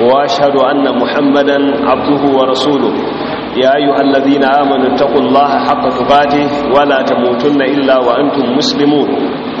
واشهد ان محمدا عبده ورسوله يا ايها الذين امنوا اتقوا الله حق تقاته ولا تموتن الا وانتم مسلمون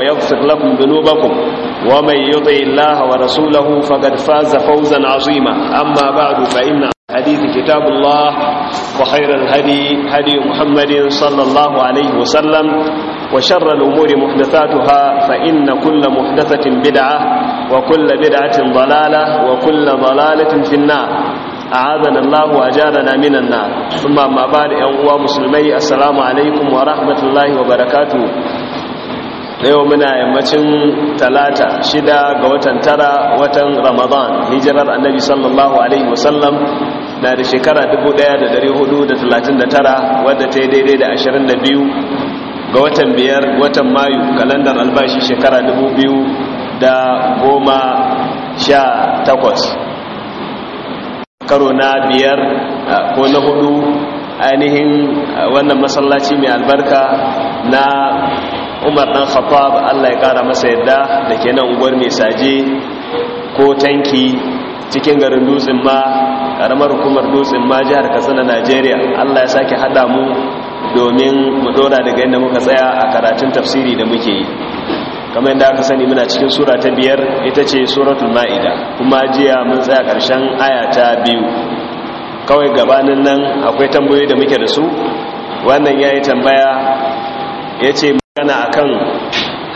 ويغفر لكم ذنوبكم ومن يطع الله ورسوله فقد فاز فوزا عظيما أما بعد فإن حديث كتاب الله وخير الهدي هدي محمد صلى الله عليه وسلم وشر الأمور محدثاتها فإن كل محدثة بدعة وكل بدعة ضلالة وكل ضلالة في النار أعاذنا الله وأجارنا من النار ثم ما بعد يا مسلمي السلام عليكم ورحمة الله وبركاته yau muna yammacin talata shida ga watan tara watan ramadan hijirar annabi sallallahu alaihi wasallam na da shekara 1439 wadda ta yi daidai da 22 ga watan biyar watan mayu kalandar albashi shekara 2018 karo na biyar ko na hudu ainihin wannan masallaci mai albarka na umar dan khattab allah ya kara masa yadda da ke nan unguwar mai saje ko tanki cikin garin dutsen ma karamar hukumar dutsen ma jihar katsina najeriya allah ya sake hada mu domin mu dora daga yadda muka tsaya a karatun tafsiri da muke yi kamar yadda aka sani muna cikin sura ta biyar ita ce suratul ma'ida kuma jiya mun tsaya karshen aya ta biyu kawai gabanin nan akwai tambayoyi da muke da su wannan ya yi tambaya ya ce magana akan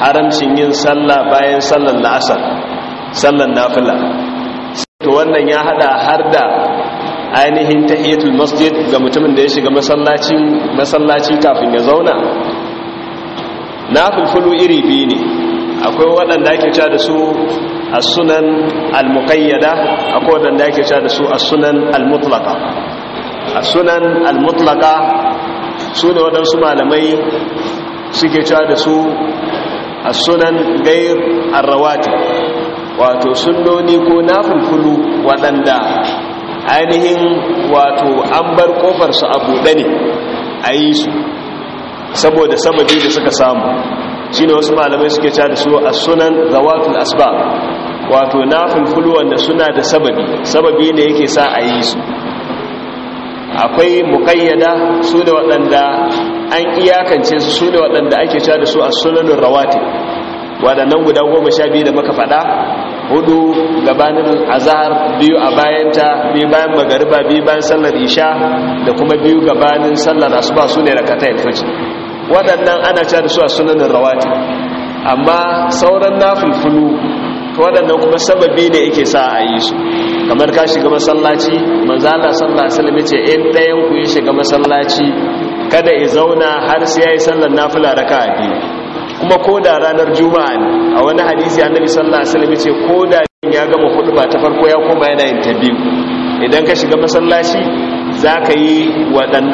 haramcin yin sallah bayan sallan la'asar sallan nafila to wannan ya hada har da ainihin tahiyatul masjid ga mutumin da ya shiga masallaci masallaci kafin ya zauna nafilfulu iri biyu ne akwai waɗanda ake cewa da su as-sunan al-muqayyada akwai waɗanda ake cewa da su as-sunan al-mutlaqa as-sunan al-mutlaqa sune waɗansu malamai suke cewa da su a sunan gair arrawati wato sunnoni ko nafulfulu waɗanda ainihin wato an bar ƙofarsu a buɗe ne a yi su saboda sababi da suka samu shi ne wasu malamai suke cewa da su a sunan zawatul asbab wato nafulfulu wanda suna da sababi sababi ne yake sa a yi su akwai mukayyada su da waɗanda an iyakance su su ne waɗanda ake cewa da su a sunanin rawati waɗannan guda goma sha biyu da muka faɗa hudu gabanin azahar biyu a bayanta biyu bayan magariba biyu bayan sallar isha da kuma biyu gabanin sallar asuba su ne da rakatai alfaji waɗannan ana cewa da su a sunanin rawati amma sauran nafulfulu waɗannan kuma sababi ne yake sa a yi su kamar ka shiga masallaci manzala sallallahu alaihi wasallam yace in ɗayan ku ya shiga masallaci kada ya zauna har sai ya yi sallar nafila raka a biyu kuma ko da ranar juma'a ne a wani hadisi annabi sallallahu alaihi wasallam ce ko da ya gama hudu ba ta farko ya koma yana yin ta idan ka shiga masallaci za ka yi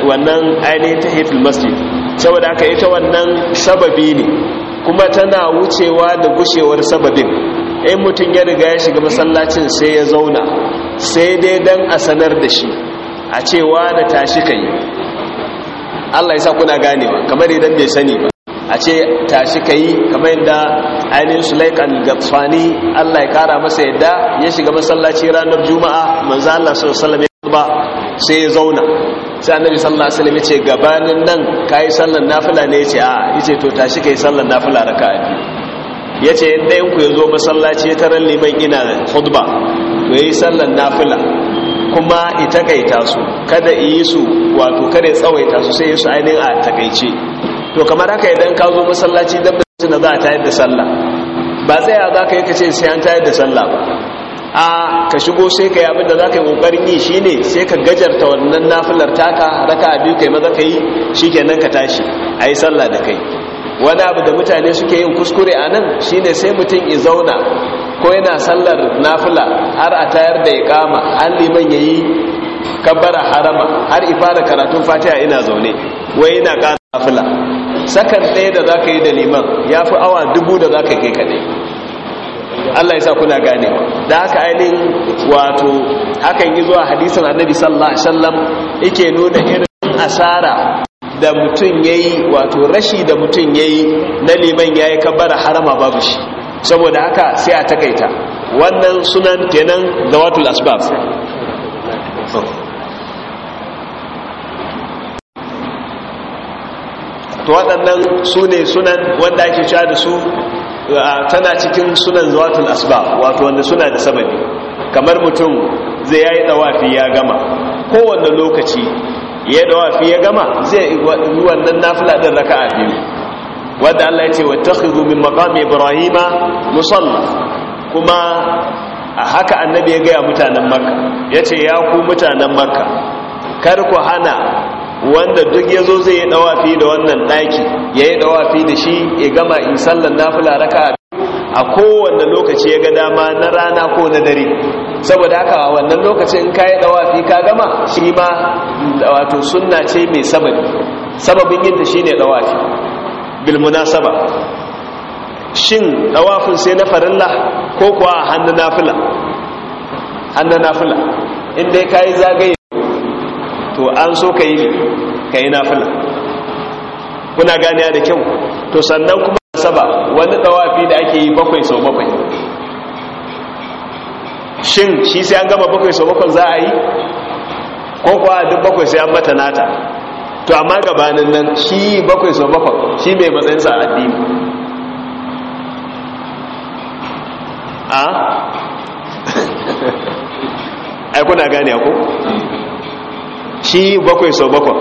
wannan ainihin ta hifil masjid saboda haka ita wannan sababi ne kuma tana wucewa da gushewar sababin in mutum ya riga ya shiga masallacin sai ya zauna sai dai dan a sanar da shi a cewa da tashi ka Allah ya sa kuna ganewa kamar idan bai sani ba a ce tashi kai kamar yadda ainihin sulaik al-gafani Allah ya kara masa yadda ya shiga masallaci ranar juma'a manzo Allah sallallahu alaihi wasallam sai ya zauna sai annabi sallallahu alaihi wasallam ya ce gabanin nan kai sallar nafila ne ya ce a yace to tashi kai sallar nafila raka'a ya ce ɗayan ku ya masallaci ya tarar liman ina khutba to yi sallar nafila kuma i takaita su kada yi su wato kada ya tsawaita su sai su ainihin a takaice to kamar haka idan ka zo masallaci dan da za a tayar da sallah ba tsaya za ka yi kace sai an tayar da sallah ba a ka shigo sai ka yi abin da za ka yi ƙoƙarin yi shi ne sai ka gajarta wannan nafilar taka raka a biyu kai maza ka yi shi kenan ka tashi a yi sallah da kai wani abu da mutane suke yin kuskure a nan ne sai mutum ya zauna ko yana sallar nafula, har a tayar da ya kama an liman ya yi kabbara harama har fara karatun fatiha ina zaune wai yana kasa nafula. sakan ɗaya da za ka yi da liman ya fi awa dubu da za ka kai kaɗai allah ya sa kuna gane da haka ainihin wato hakan yi zuwa hadisan annabi sallallahu alaihi wasallam yake nuna irin asara da mutum ya yi wato rashi da mutum ya yi na liman ya yi kabbara harama babu shi saboda haka sai a takaita wannan sunan kenan da watul asbab to waɗannan su ne sunan wanda ake cewa da su tana cikin sunan zawatul asbab wato wanda suna da sababi kamar mutum zai yayi dawafi ya gama kowanne lokaci ya fi ya gama zai yi wannan nafila din raka'a biyu wanda Allah ya ce wattakhidhu min maqami ibrahima musalla kuma a haka annabi ya gaya mutanen makka ya ce ya ku mutanen makka kar ku hana wanda duk ya zo zai yi dawafi da wannan ɗaki ya yi dawafi da shi ya gama in sallan nafila raka a kowanne lokaci ya ga dama na rana ko na dare saboda haka a wannan lokacin in ka yi dawafi ka gama shi ma wato sunna ce mai sababi sababin yinta shine dawafi bil munasaba shin dawafin sai na farilla ko kuwa a hannu nafila hannun nafila inda ya kayi zagaye to an so ka yi ka yi nafila kuna ganiya da kyau to sannan kuma saba wani tsawafi da ake yi bakwai sau bakwai shin shi sai an gama bakwai sau bakwai za a yi kwakwa duk bakwai sai an mata nata to amma gabanin nan shi bakwai sau bakwai shi mai matsayinsa a addini a na gane ku shi bakwai sau bakwai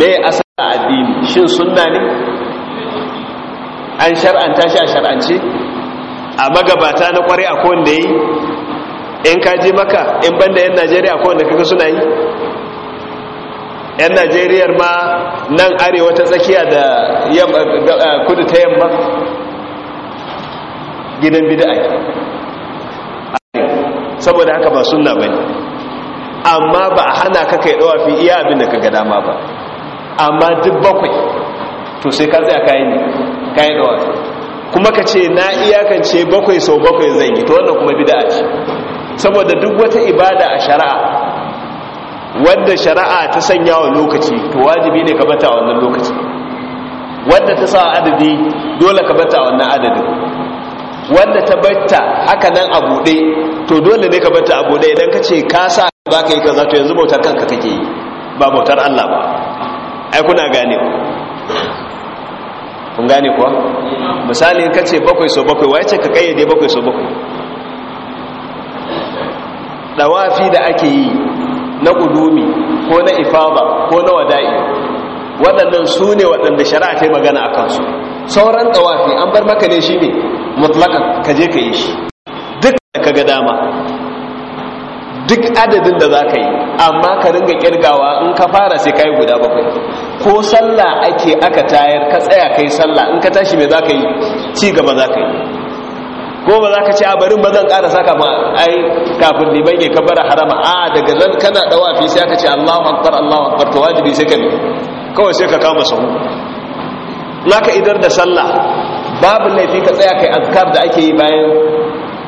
mai asa addini shin sunna ne an shar'anta shi a shar'ance a magabata na kwarai a kowanne da yi in ka je maka in banda yan najeriya a kowanne kaka suna yi yan najeriyar ma nan arewa ta tsakiya da kudu ta yamma gidan bida'a saboda haka ba suna ba ne amma ba a hana ka kai ɗawa fi iya abin da ka ga dama ba amma duk bakwai to sai ka tsaya kayan ne kai dawa kuma ka ce na iyakance bakwai sau bakwai zan yi to wannan kuma bid'a ce saboda duk wata ibada a shari'a wanda shari'a ta sanya wa lokaci to wajibi ne ka bata wannan lokaci wanda ta sa adadi dole ka bata wannan adadin wanda ta bata haka nan a buɗe to dole ne ka bata a buɗe idan ka ce ka sa ba ka yi kaza to yanzu bautar kanka kake yi ba bautar Allah ba ai kuna gane kun gane kuwa misali ka ce bakwai so bakwai wace ka kayyade bakwai so bakwai dawafi da ake yi na kudumi ko na ifaba ko na wada'i waɗannan su ne waɗanda shari'a ta yi magana a kansu sauran ɗawafi an bar maka ne shi ne Mutlaka, ka je ka yi shi duk da ka ga dama duk adadin da za ka yi amma ka ringa kirgawa in ka fara sai ka yi guda bakwai ko sallah ake aka tayar ka tsaya ka yi sallah in ka tashi mai za ka yi ci gaba za ka yi ko ba za ka ce a barin ba zan ƙara saka ma ai kafin liman ya ka harama a daga nan kana dawa fi sai aka ce allahu akbar allahu akbar to wajibi sai ka ne kawai sai ka kama sahu naka idar da sallah babu laifi ka tsaya kai azkar da ake yi bayan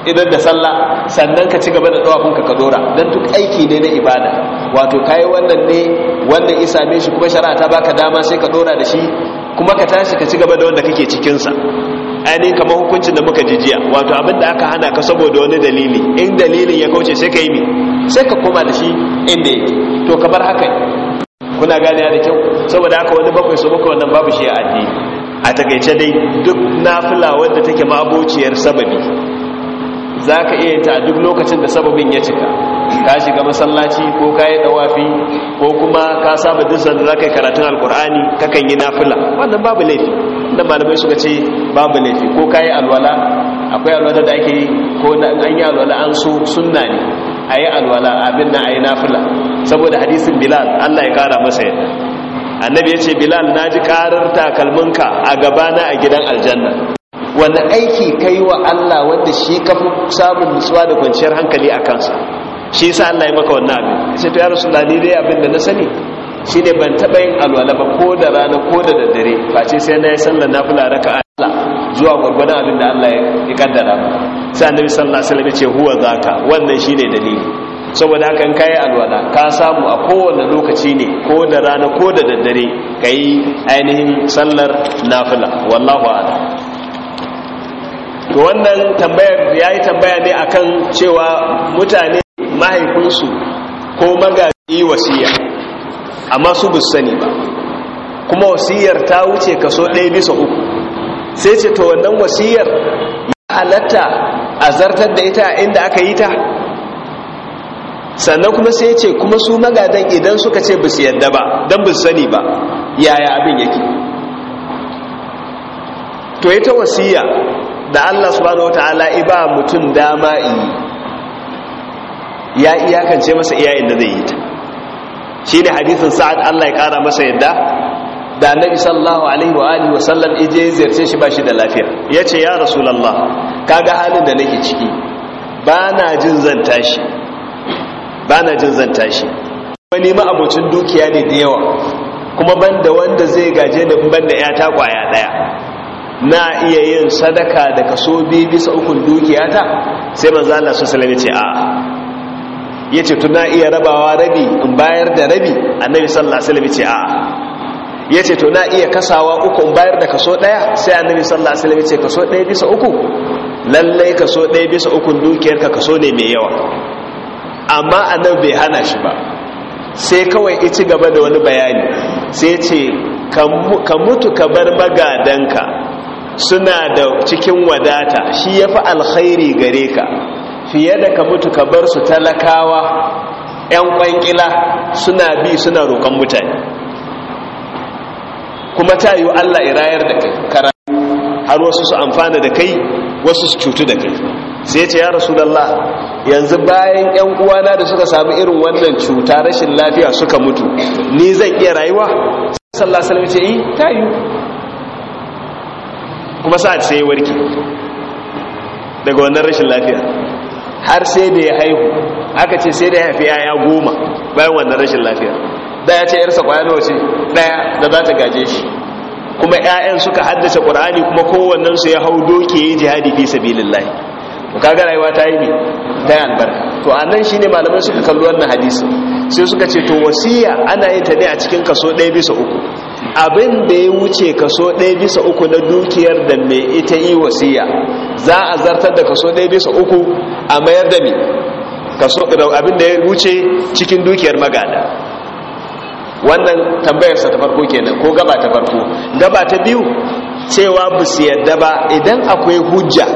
idan da sallah sannan ka ci gaba da dawafinka ka dora don duk aiki ne na ibada wato yi wannan ne wanda ya same shi kuma shari'a ta baka dama sai ka dora da shi kuma ka tashi ka ci gaba da wanda kake cikinsa ainihin kamar hukuncin da muka jijiya wato abin da aka hana ka saboda wani dalili in dalilin ya kauce sai ka yi mi sai ka koma da shi inda yake to kamar haka kuna gane da kyau saboda haka wani bakwai su muka wannan babu shi a addini a takaice dai duk nafila wanda take mabuciyar sababi za ka iya ta duk lokacin da sababin ya cika ka shiga masallaci ko ka yi dawafi ko kuma ka saba dusan da za ka yi karatun alkur'ani kakan yi nafila wannan babu laifi da malamai suka ce babu laifi ko ka yi alwala akwai alwala da ake yi ko an yi alwala an so sunna ne a yi alwala abin na a yi nafila saboda hadisin bilal allah ya kara masa yadda annabi ya ce bilal na ji karar takalminka a gabana a gidan aljanna wani aiki kai wa Allah wanda shi ka fi samun nutsuwa da kwanciyar hankali a kansa shi sa Allah ya maka wannan abin sai to ya rasulullah ni dai abin da na sani Shi ne ban taɓa yin alwala ba ko da rana ko da daddare face sai na yi sallar nafila raka Allah zuwa gwargwadon abin da Allah ya kaddara sai annabi sallallahu alaihi wasallam ya ce huwa zaka wannan shine dalili saboda haka in kai alwala ka samu a kowane lokaci ne ko da rana ko da daddare kai ainihin sallar nafila wallahu a'lam to wannan tambayar ya yi tambaya ne akan cewa mutane mahaifinsu ko magaji wasiya amma su bu sani ba kuma wasiyar ta wuce kaso ɗaya bisa uku sai ce to wannan wasiyar ya halatta a zartar da ita inda aka yi ta sannan kuma sai ce kuma su magadan idan suka ce bisu yadda ba don bisu sani ba yaya abin yake to ita wasiya da Allah subhanahu wataala iba mutum dama yi ya iyakance masa iya inda zai yi ta shine hadisin sa'ad Allah ya kara masa yadda da annabi sallallahu alaihi wa alihi wa sallam ije ziyarce shi bashi da lafiya yace ya rasulullah kaga halin da nake ciki bana jin zan tashi bana jin zan tashi wani ma abocin dukiya ne da yawa kuma banda wanda zai gaje da banda ya ta kwaya daya na iya yin sadaka da kaso biyu bisa ukun dukiyata sai manzo Allah su sallame ce a yace to na iya rabawa rabi in bayar da rabi annabi sallallahu alaihi wasallam ce a yace to na iya kasawa uku in bayar da kaso daya sai annabi sallallahu alaihi wasallam ce kaso daya bisa uku lallai kaso daya bisa ukun dukiyarka kaso ne mai yawa amma annabi bai hana shi ba sai kawai ci gaba da wani bayani sai ce ka mutu ka bar magadanka suna da cikin wadata shi ya fi alkhairi gare ka fiye da ka mutu ka bar su talakawa 'yan kwankila suna bi suna roƙon mutane kuma ta yi Allah irayar da kara har wasu su amfana da kai wasu su cutu da kai sai ce ya rasulallah yanzu bayan 'yan uwana da suka samu irin wannan cuta rashin lafiya suka mutu ni zan iya rayuwa sallallahu alaihi ce yi eh, ta yi kuma sa'ad sai ya warke daga wannan rashin lafiya har sai da ya haihu aka ce sai da ya haifi yaya goma bayan wannan rashin lafiya da ya ce yarsa kwaya nawa ce daya da za ta gaje shi kuma 'ya'yan suka haddace qur'ani kuma kowannen su ya hau doke yi jihadi fi sabilillah to kaga rayuwa ta yi ne ta yi albarka to anan shine malaman suka kalli wannan hadisi sai suka ce to wasiya ana yin ta ne a cikin kaso ɗaya bisa uku abin da ya wuce kaso ɗaya bisa uku na dukiyar da mai ita yi wasiya za a zartar da kaso ɗaya bisa uku a mayar da mai kaso abin da ya wuce cikin dukiyar magada wannan tambayarsa ta farko kenan ko gaba ta farko gaba ta biyu cewa bu su yadda ba idan akwai hujja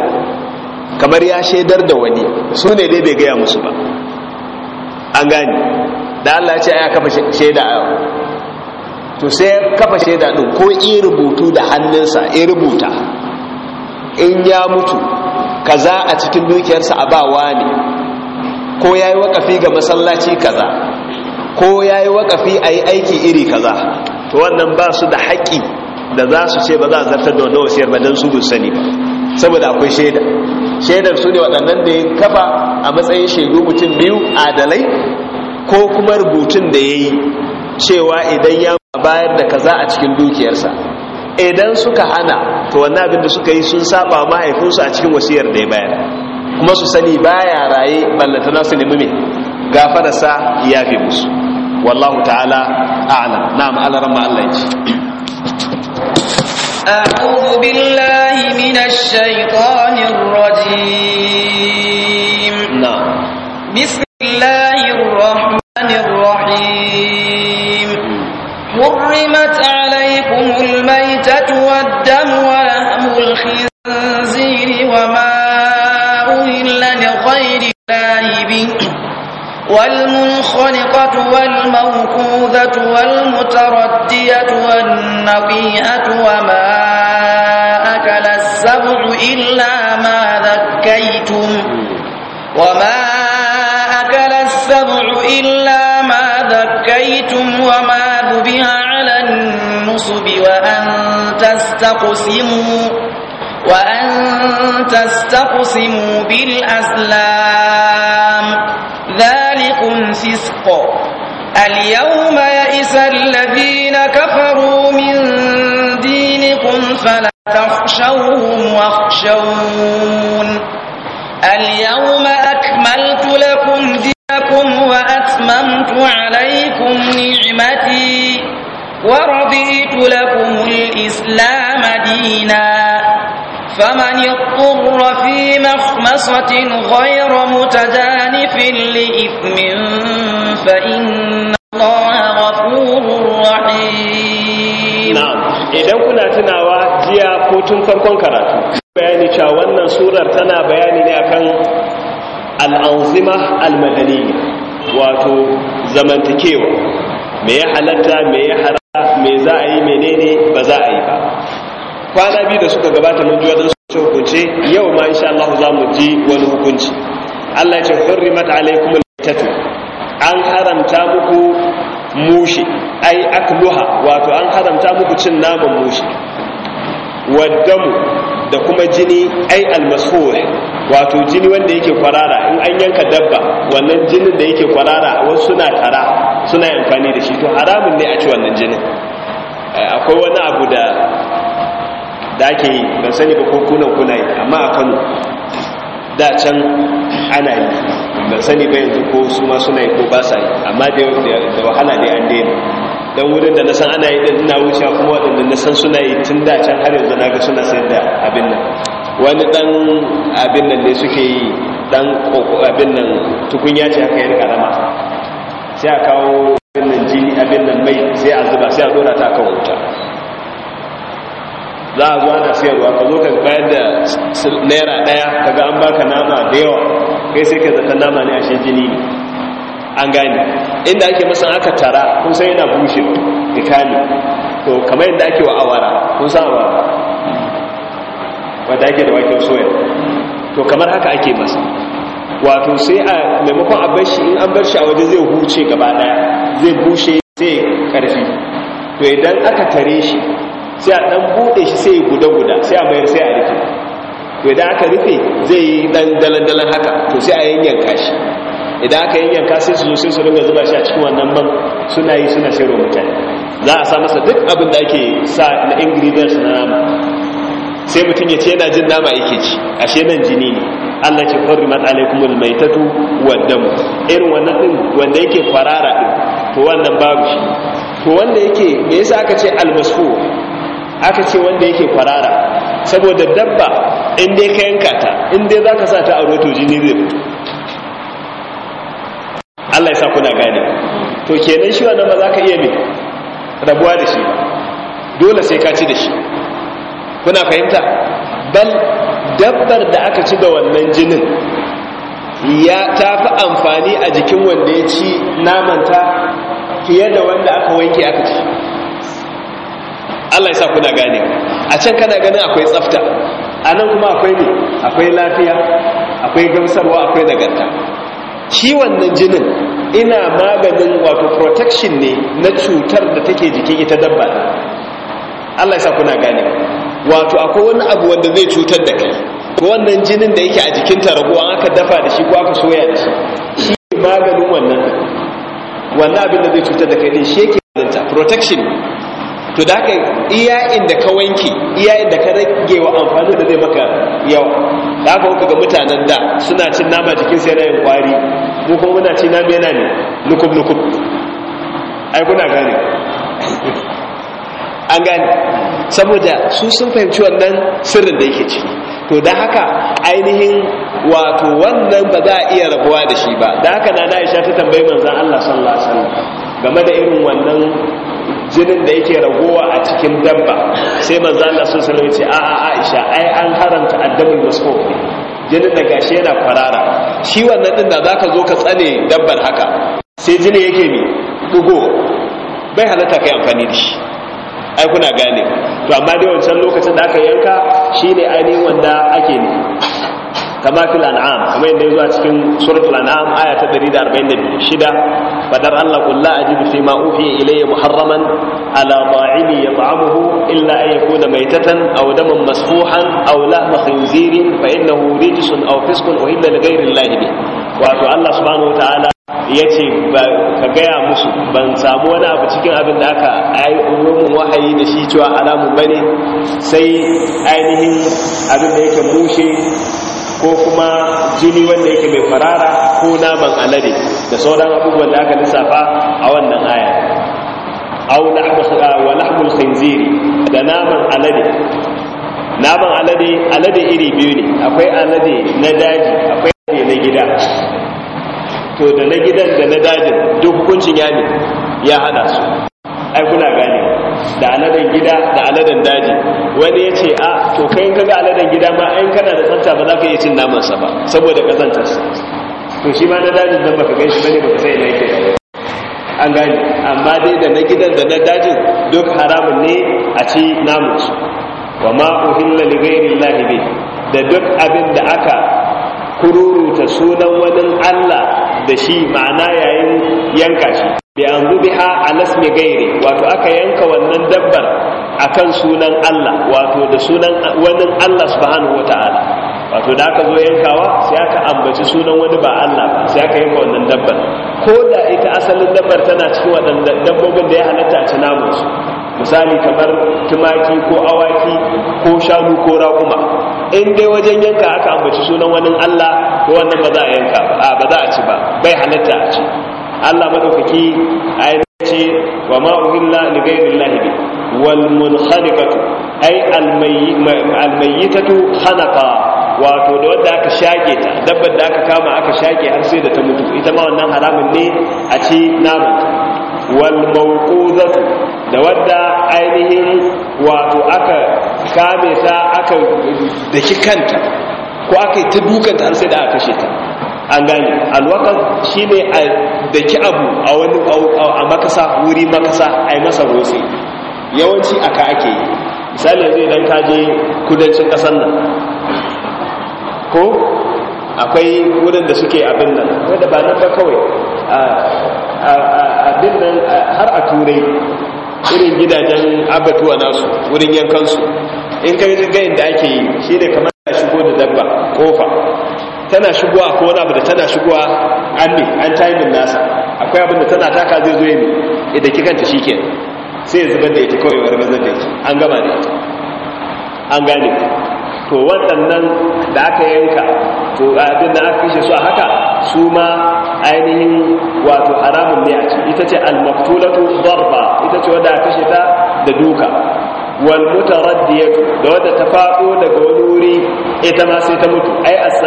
kamar ya shaidar da wani su ne dai bai gaya musu ba an gani da Allah ce a ya kafa shaida to sai kafa shaida din ko iya rubutu da hannunsa iya rubuta in ya mutu kaza a cikin dukiyarsa a bawa ne ko ya yi wakafi ga masallaci kaza ko ya yi wakafi a yi aiki iri kaza to wannan ba su da haƙƙi da za su ce ba za a zartar da wani wasiyar ba don su bin sani ba saboda akwai shaida shaidar su ne waɗannan da ya kafa a matsayin shaidu mutum biyu adalai ko kuma rubutun da ya yi cewa idan ya bayar da kaza a cikin dukiyarsa idan suka hana to wannan abin da suka yi sun saba mahaifinsu a cikin wasiyar da ya bayar kuma su sani baya raye ballantana su nemi me gafararsa ya fi musu wallahu ta'ala a'lam na'am alarma Allah ya a'udhu billahi minash shaitanir rajim والمنخنقة والموكوذة والمتردية والنقيئة وما أكل السبع إلا ما ذكيتم وما أكل السبع إلا ما ذكيتم وما ذبها على النصب وأن تستقسموا وأن تستقسموا بالأسلام فسقا اليوم يئس الذين كفروا من دينكم فلا تخشوهم واخشون اليوم أكملت لكم دينكم وأتممت عليكم نعمتي ورضيت لكم الإسلام دينا فمن اضطر في مخمصة غير متجانف لإثم idan kuna tunawa jiya ko tun farkon karatu bayani cewa wannan surar tana bayani ne akan al'anzima al madani wato zamantakewa me ya halatta me ya hara me za a yi menene ba za a yi ba kwana biyu da suka gabata mun ji wadansu hukunce yau ma insha Allah za mu ji wani hukunci Allah ya ce hurrimat alaikum al an haramta muku mushi ai akluha wato an haramta muku cin naman mushi waddamu da kuma jini ai almasfur wato jini wanda yake kwarara in an yanka dabba wannan jinin da yake kwarara wasu suna tara suna amfani da shi to haramun ne a ci wannan jinin eh, akwai wani abu da da ake yi ban sani ba ko kunan kuna yi amma a kano da can ana yi ban sani ba yanzu ko su ma suna yi ko ba sa yi amma da wahala dai an daina don wurin da na san ana yi ɗin ina wuce kuma waɗanda na san suna yi tun da can har yanzu na ga suna sayar da abin nan wani ɗan abin nan ne suke yi ɗan abin nan tukunya ce aka yi karama sai a kawo abin nan jini abin nan mai sai a zuba sai a ɗora ta kan wuta za a zuwa na siyarwa ka zo ka bayar da naira ɗaya ka ga an baka nama da yawa kai sai ka zata nama ne a shi jini ne an gane inda ake masa aka tara kun san yana bushe dikani to kamar yadda ake wa awara kun san awara wadda ake da wakil soya to kamar haka ake masa wato sai a maimakon a bar shi in an bar shi a waje zai huce gaba daya zai bushe zai karfi to idan aka tare shi sai a dan bude shi sai guda guda sai a mayar sai a rufe to idan aka rufe zai yi dan dalan haka to sai a yanyanka shi idan aka yanyanka sai su zo sai su ringa zuba shi a cikin wannan man suna yi suna shirya mutane za a sa masa duk abin da ake sa na ingredients na nama sai mutum ya ce yana jin nama yake ci ashe nan jini ne Allah ce hurrimat alaikumul maitatu wad damu irin wannan din wanda yake farara din to wannan babu shi to wanda yake me yasa aka ce almasfu aka ce wanda yake kwarara saboda dabba in ka yanka ta in za ka sa ta a roto jini zai fito Allah ya sa kuna gane to kenan shi wannan ba za ka iya ne rabuwa da shi dole sai ka ci da shi kuna fahimta bal dabbar da aka ci da wannan jinin ya ta fi amfani a jikin wanda ya ci namanta fiye da wanda aka wanke aka ci Allah ya sa kuna gane a can kana ganin akwai tsafta a nan kuma akwai ne akwai lafiya akwai gamsarwa akwai nagarta shi wannan jinin ina maganin wato protection ne na cutar da take jikin ita dabba Allah ya sa kuna gane wato akwai wani abu wanda zai cutar da kai ko wannan jinin da yake a jikin ta an aka dafa da shi ko aka soya da shi shi maganin wannan wannan abin da zai cutar da kai din shi yake protection to da haka iya inda ka wanke iya inda ka rage wa amfani da zai maka yau, da haka kuka ga mutanen da suna cin nama jikin sai rayin yin kwari mu kuma muna cin nama yana ne nukub nukub ai kuna gane an gane saboda su sun fahimci wannan sirrin da yake ciki to da haka ainihin wato wannan ba za a iya rabuwa da shi ba da haka na na isha ta tambayi manzan Allah sallallahu alaihi wasallam game da irin wannan jinin da yake ragowa a cikin dabba sai manzo Allah sallallahu alaihi ya ce a a Aisha ai an haranta addabul masfuh jinin da gashi yana kwarara shi wannan din da zaka zo ka tsane dabbar haka sai jini yake mi dugo bai halatta kai amfani da shi ai kuna gane to amma dai wancan lokacin da aka yanka shine ainihin wanda ake ne kama fil an'am kamar yadda yazo a cikin suratul an'am aya ta 146 fadar Allah qul la ajidu fi ma uhiya ilayya muharraman ala ta'imi yat'amuhu illa an yakuna maytatan aw daman masfuhan aw lahma khinzirin fa innahu rijsun aw fiskun uhilla li ghayri Allah bi wato Allah subhanahu wa ta'ala ya ce ka gaya musu ban samu wani abu cikin abin da aka umumin wahayi da shi cewa alamun bane sai ainihin abin da yake bushe ko kuma jini wanda yake mai farara ko naman alade da sauran abubuwan da aka lissafa a wannan aya au wa lahmul khinzir da naman alade naman alade alade iri biyu ne akwai alade na daji akwai alade na gida to da na gidan da na dajin duk hukuncin ya ne ya hada su ai kuna gane da aladen gida da aladen daji wani ya ce a ah, to kai ka ga aladen gida ma in kana da tsafta ba za ka iya cin namansa ba saboda sa to shi ma na dajin nan baka gaishi bane baka sai na yake an gani amma dai da na gidan da na dajin duk haramun ne a ci namansu wa ma uhilla li ghairi llahi bi da duk abin da aka kururuta sunan wani Allah da shi ma'ana yayin yanka shi bi an biha alas mai gairi wato aka yanka wannan dabbar akan sunan Allah wato da sunan wannan Allah subhanahu wata'ala wato da aka zo yankawa sai aka ambaci sunan wani ba Allah ba sai aka yanka wannan dabbar ko da ita asalin dabbar tana cikin waɗanda dabbobin da ya halatta a ci namansu misali kamar tumaki ko awaki ko shanu ko raƙuma in dai wajen yanka aka ambaci sunan wani Allah ko wannan ba za a yanka ba za a ci ba bai halatta a ci Allah madaukaki ai wa ma uhilla li ghayrillahi bi wal munkhaliqatu ai al mayyitatu khanaqa wato da wanda aka shake ta dabbar da aka kama aka shake har sai da ta mutu ita ma wannan haramun ne a ci naman wal mawquzatu da wadda ainihin wato aka kame ta aka daki kanta ko aka yi ta dukanta har sai da aka kashe ta an gane alwakan shi ne a daki abu a wani a makasa wuri makasa a yi masa rosi yawanci aka ake yi misali zai dan kaje kudancin kasan nan ko akwai wurin da suke abin nan wadda ba nan ba kawai abin nan har a turai irin gidajen abatuwa nasu wurin yankansu in kai gayin da ake yi shi ne kamar a shigo da dabba kofa tana shigowa ko wani abu da tana shigowa an ne an timing nasa akwai abin da tana taka zai zo ne idan ki kanta shi ke sai ya zubar da ita kawai wani mazan da ita an gama da ita an gane to waɗannan da aka yanka to abin da aka kashe su a haka su ma ainihin wato haramun ne a ci ita ce almaktulatu darba ita ce wadda aka kashe ta da duka wal mutaraddiyatu da wadda ta faɗo daga wani wuri ita ma sai ta mutu ai as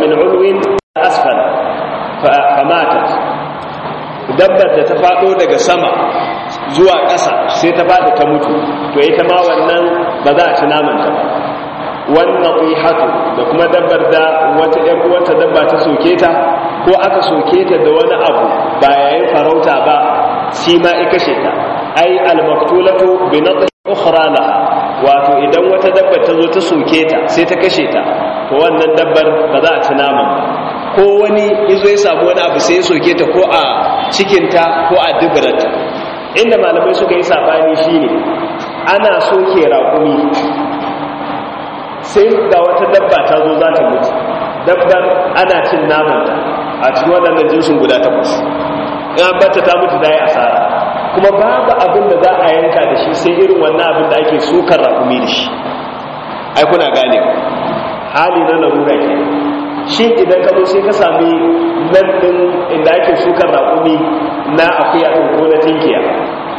min ulwin asfal fa matat dabbar da ta faɗo daga sama zuwa ƙasa sai ta faɗi ta mutu to ita ma wannan ba za a ci namanta ba wannan da kuma dabbar da wata ‘yan uwanta dabba ta soke ta ko aka soke ta da wani abu ba yayin farauta ba shi ma ika ta ai almaktulatu bi nadri ukhra wa wato idan wata dabba ta zo ta soke ta sai ta kashe ta to wannan dabbar ba za a ci naman ko wani izo ya samu wani abu sai ya soke ta ko a cikin ta ko a dubrata inda malamai suka yi sabani shine ana soke rakumi, sai ga wata dabba ta zo za ta mutu dabbar ana cin ta a cikin wannan jinsin guda takwas in an bata ta mutu dai asara kuma babu abin da za a yanka da shi sai irin wannan abin da ake sukar rakumi da shi ai kuna gane hali na larura ke shi idan ka zo sai ka sami nan din inda ake sukar rakumi na akuya ɗin ko na tinkiya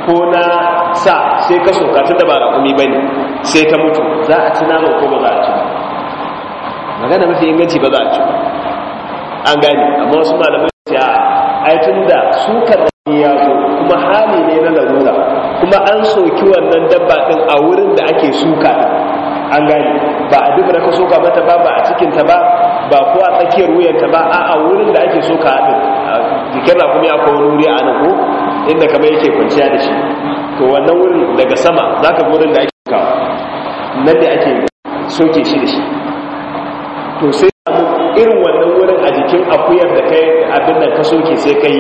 ko na sa sai ka soka tun da ba rakumi ba ne sai ta mutu za a ci nama ko ba za a ci ba magana mafi inganci ba za a ci ba an gani amma wasu malamai ya aitun da sukar harami ne na larura kuma an soki wannan dabba din a wurin da ake suka an gani ba a duk da ka soka mata ba ba a cikinta ba ba ko a tsakiyar wuyanta ba a a wurin da ake soka din jikin kuma a kowane wuri a nan ko inda kamar yake kwanciya da shi to wannan wurin daga sama za ka wurin da ake sokawa nan da ake soke shi da shi to sai irin wannan wurin a jikin akuyar da kai abin da ka soke sai kai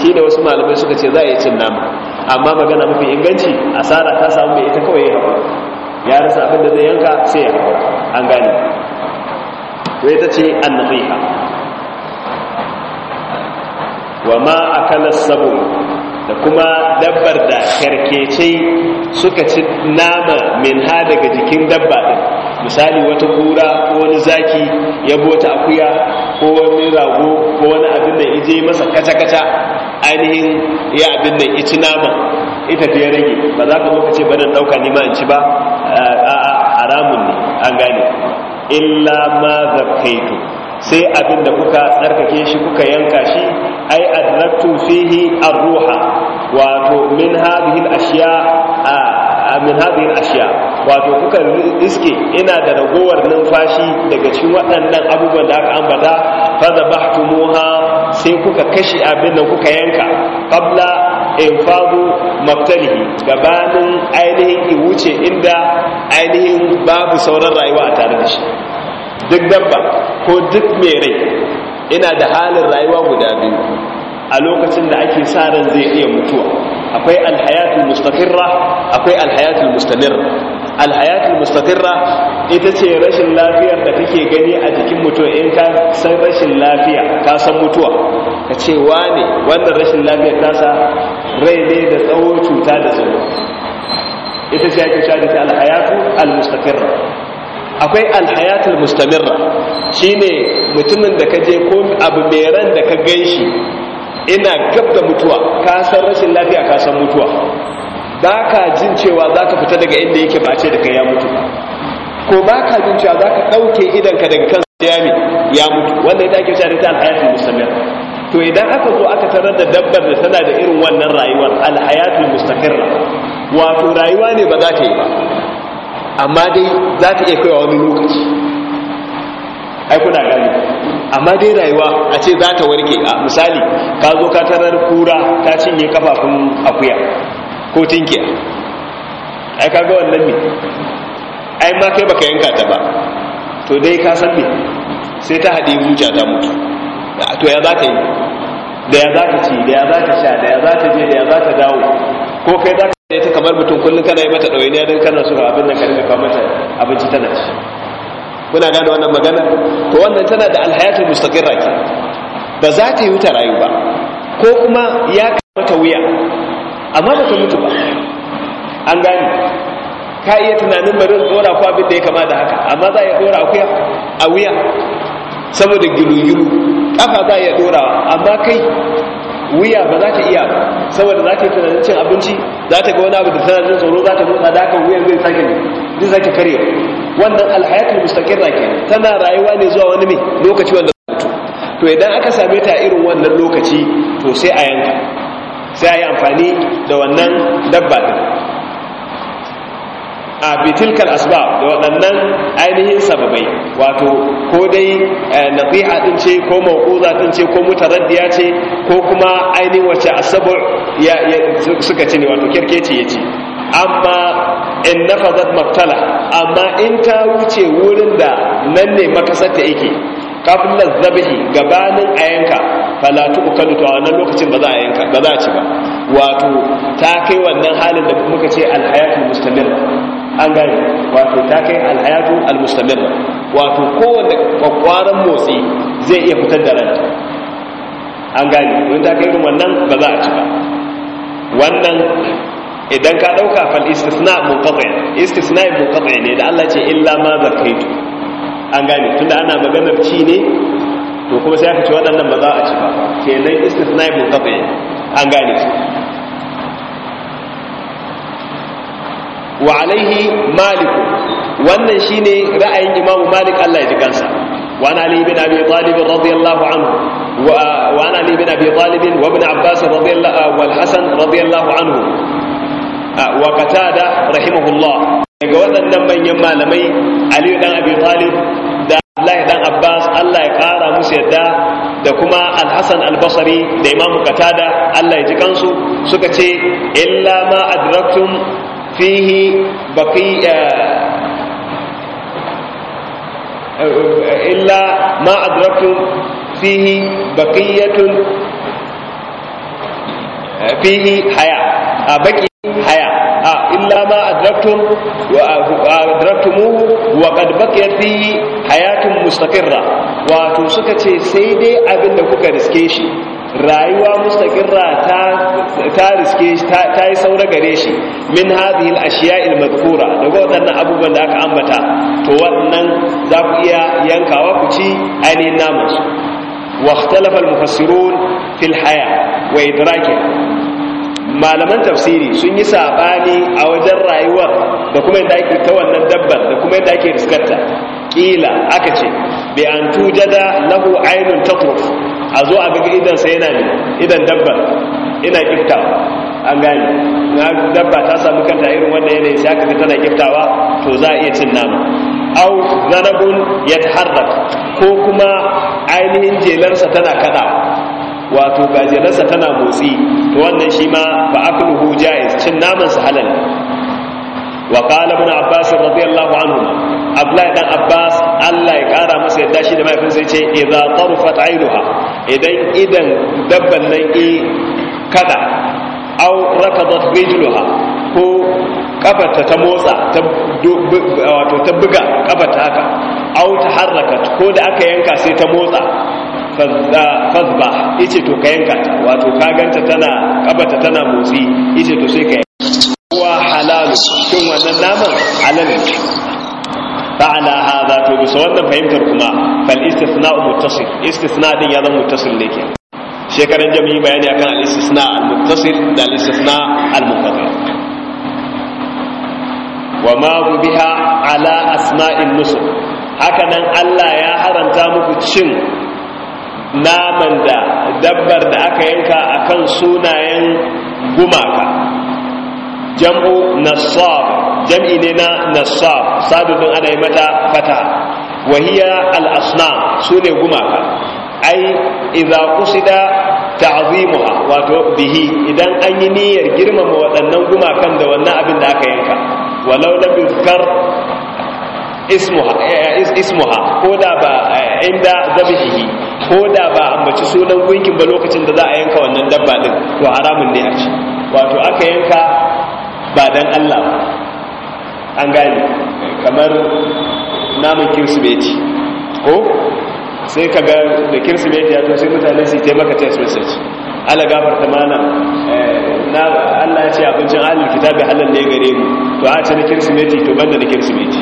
shi da wasu malamai suka ce za a yi cin nama amma magana mafi inganci asara ta samu mai ita kawai ya ya rasa abin da zai yanka sai ya haɓa an gane to ita ce annabiha wa ma akala sabu da kuma dabbar da karkece suka ci nama min ha daga jikin dabba din misali wata kura ko wani zaki ya bota akuya ko wani rago ko wani abin da ije masa kata ainihin ya abin da ici nama ita ta rage ba za ka ce ba da ɗauka ma in ci ba a haramun ne an gane illa ma zakaitu sai abin da kuka tsarkake shi kuka yanka shi ai adraktu fihi ar-ruha wato min hadhihi al a min hadhihi al wato kuka iske ina da ragowar numfashi daga cikin waɗannan abubuwan da aka ambata fa dhabahtumuha sai kuka kashi abin da kuka yanka qabla infadu maktalihi gabanin ainihin wuce inda ainihin babu sauran rayuwa a tare da shi duk dabba ko duk mai rai ina da halin rayuwa guda biyu a lokacin da ake sa ran zai iya mutuwa akwai alhayatul mustaqirra akwai alhayatul mustamir alhayatul mustaqirra ita ce rashin lafiyar da kake gani a jikin mutum in ka san rashin lafiya ka san mutuwa ka ce wane wannan rashin lafiyar tasa rai ne da tsawo cuta da zuwa ita ce ake cewa da alhayatu almustaqirra akwai alhayatul mustamirra shine mutumin da ka je ko abu mai ran da ka ganshi ina gab da mutuwa ka san rashin lafiya ka san mutuwa ba ka jin cewa za ka fita daga inda yake bace da kai ya mutu ko ba ka jin cewa za ka ɗauke idanka daga kan yami ya mutu wanda ita ake shi da alhayatul mustamir to idan aka zo aka tarar da dabbar da tana da irin wannan rayuwar alhayatul mustaqirra wato rayuwa ne ba za ta yi ba amma dai za ta iya kaiwa wani lokaci ai kuna gani amma dai rayuwa a ce za ta warke a misali ka zo ka tarar kura ta cinye kafafun akuya ko tinkiya ai ka ga wannan ne ai ma kai baka yanka ta ba to dai ka san me sai ta haɗe zuciya ta mutu to ya za ta yi da ya za ta ci da ya za ta sha da ya za ta je da ya za ta dawo ko kai za ta kamar mutum kullum kana yi mata ɗawainiya don kana su abin da karfe fa mata abinci tana ci kuna gane wannan magana to wannan tana da alhayatul mustaqirra ke ba za ta yi wuta rayu ba ko kuma ya kamata wuya amma ba ta mutu ba an gane ka iya tunanin bari dora ko abin da ya kama da haka amma za a iya dora akuya a wuya saboda gilu-gilu ƙafa za a iya dora amma kai wuya ba za ta iya ba saboda za ta yi tunanin cin abinci za ta ga wani abu da tana jin tsoro za ta motsa da wuyan zai sake ne zai sake karye wannan alhayatul na ke tana rayuwa ne zuwa wani mai lokaci wanda mutu to idan aka same ta irin wannan lokaci to sai a yanka sai a yi amfani da wannan dabba a bitilkar asbab da waɗannan ainihin sababai wato ko dai eh, nasiha din ce ko mawquza din ce ko mutaraddiya ce ko kuma ainihin wace asabu ya suka ce ne wato kirkeci yace amma in nafazat mabtala amma in ta wuce wurin da nan ne makasar ta yake kafin lazzabihi gabanin a yanka falatu ukalu to a wannan lokacin ba za a yanka ba za a ci ba wato ta kai wannan halin da muka ce alhayatul mustamir an gane wato ta kai alhayatu almustamirra wato kowanne kwakwaran motsi zai iya fitar da ranta an gane wani ta kai wannan ba za a ci ba wannan idan ka ɗauka fal istisna munqati istisna munqati ne da Allah ce illa ma za ka zakaitu an gane tunda ana maganar ci ne to kuma sai aka ce waɗannan ba za a ci ba kenan istisna munqati an gane wa alaihi maliku wannan shine ra'ayin imam'u malik Allah ya ji kansa wa ana ali ibn abi talib radiyallahu anhu wa ana ali bin abi talib wa ibn abbas radiyallahu wal hasan radiyallahu anhu ah, wa qatada rahimahullah daga waɗannan manyan malamai ali dan abi talib da Abdullahi dan Abbas Allah ya ƙara musu yadda da kuma alhassan hasan da imam'u Qatada Allah ya ji kansu suka ce illa ma adraktum فيه بقية إلا ما أدركتم فيه بقية fihi haya a baki haya a illa ma adraktum wa adraktumuhu wa qad baqiyat fihi hayatun mustaqirra wato suka ce sai dai abinda da kuka riske shi rayuwa mustaqirra ta ta riske shi ta yi saura gare shi min hadhihi al-ashiya al-madhkura daga waɗannan abubuwan da aka ambata to wannan za ku iya yankawa ku ci ainihin namansu واختلف المفسرون في الحياة وإدراكه malaman tafsiri sun yi saɓani a wajen rayuwar da kuma yadda ake ta wannan dabbar da kuma yadda ake riskarta ƙila aka ce bai an tuja da lahu ainun tatruf a zo a gaga idan sai yana ne idan dabbar ina kiftawa an gane na dabba ta samu kanta irin wanda yanayi sai aka ga tana kiftawa to za a iya cin nama au zanabun ya ko kuma ainihin jelarsa tana kada wato ga jelarsa tana motsi to wannan shi ma ba akluhu jaiz cin naman sa halal wa qala ibn abbas radiyallahu anhu abdullahi dan abbas Allah ya kara masa yadda shi da sai ce idza tarfat ainuha idan idan dabban nan e kada au rakadat rijluha ko kafarta ta motsa wato ta buga kafarta haka auta harraka ko da aka yanka sai ta motsa fazba ice to ka yanka ta wato ka ganta tana kafarta tana motsi ice to sai ka yanka wa halalu shin wannan naman halal fa'ala hadha to bisa wannan fahimtar kuma fal istithna'u muttasil istithna din ya zama muttasil ne ke shekaran jami'i bayani akan al-istisna al da al al wa ma biha ala asma'in musu hakanan Allah ya haramta muku cin naman da dabbar da aka yanka akan sunayen gumaka jam'u jam'i ne na nasab sadudin ana yi mata fata wahiya al-asnam sune gumaka ai idza qusida ta'zimuha wato bihi idan an yi niyyar girmama waɗannan gumakan da wannan abin da aka yanka walau lam bizkar eh, ismuha ko da ba eh, inda zabihi ko da ba ambaci sunan gunkin ba lokacin da za a yanka wannan dabba din to haramun ne a ci wato aka yanka ba dan Allah an gane kamar naman kirsimeti ko sai ka ga da kirsimeti ya to sai mutane su yi maka text message ala gafar ta mana eh, na allah ya ce abincin alil kitabi halin ne gare mu to a ce na kirsimeti to banda na kirsimeti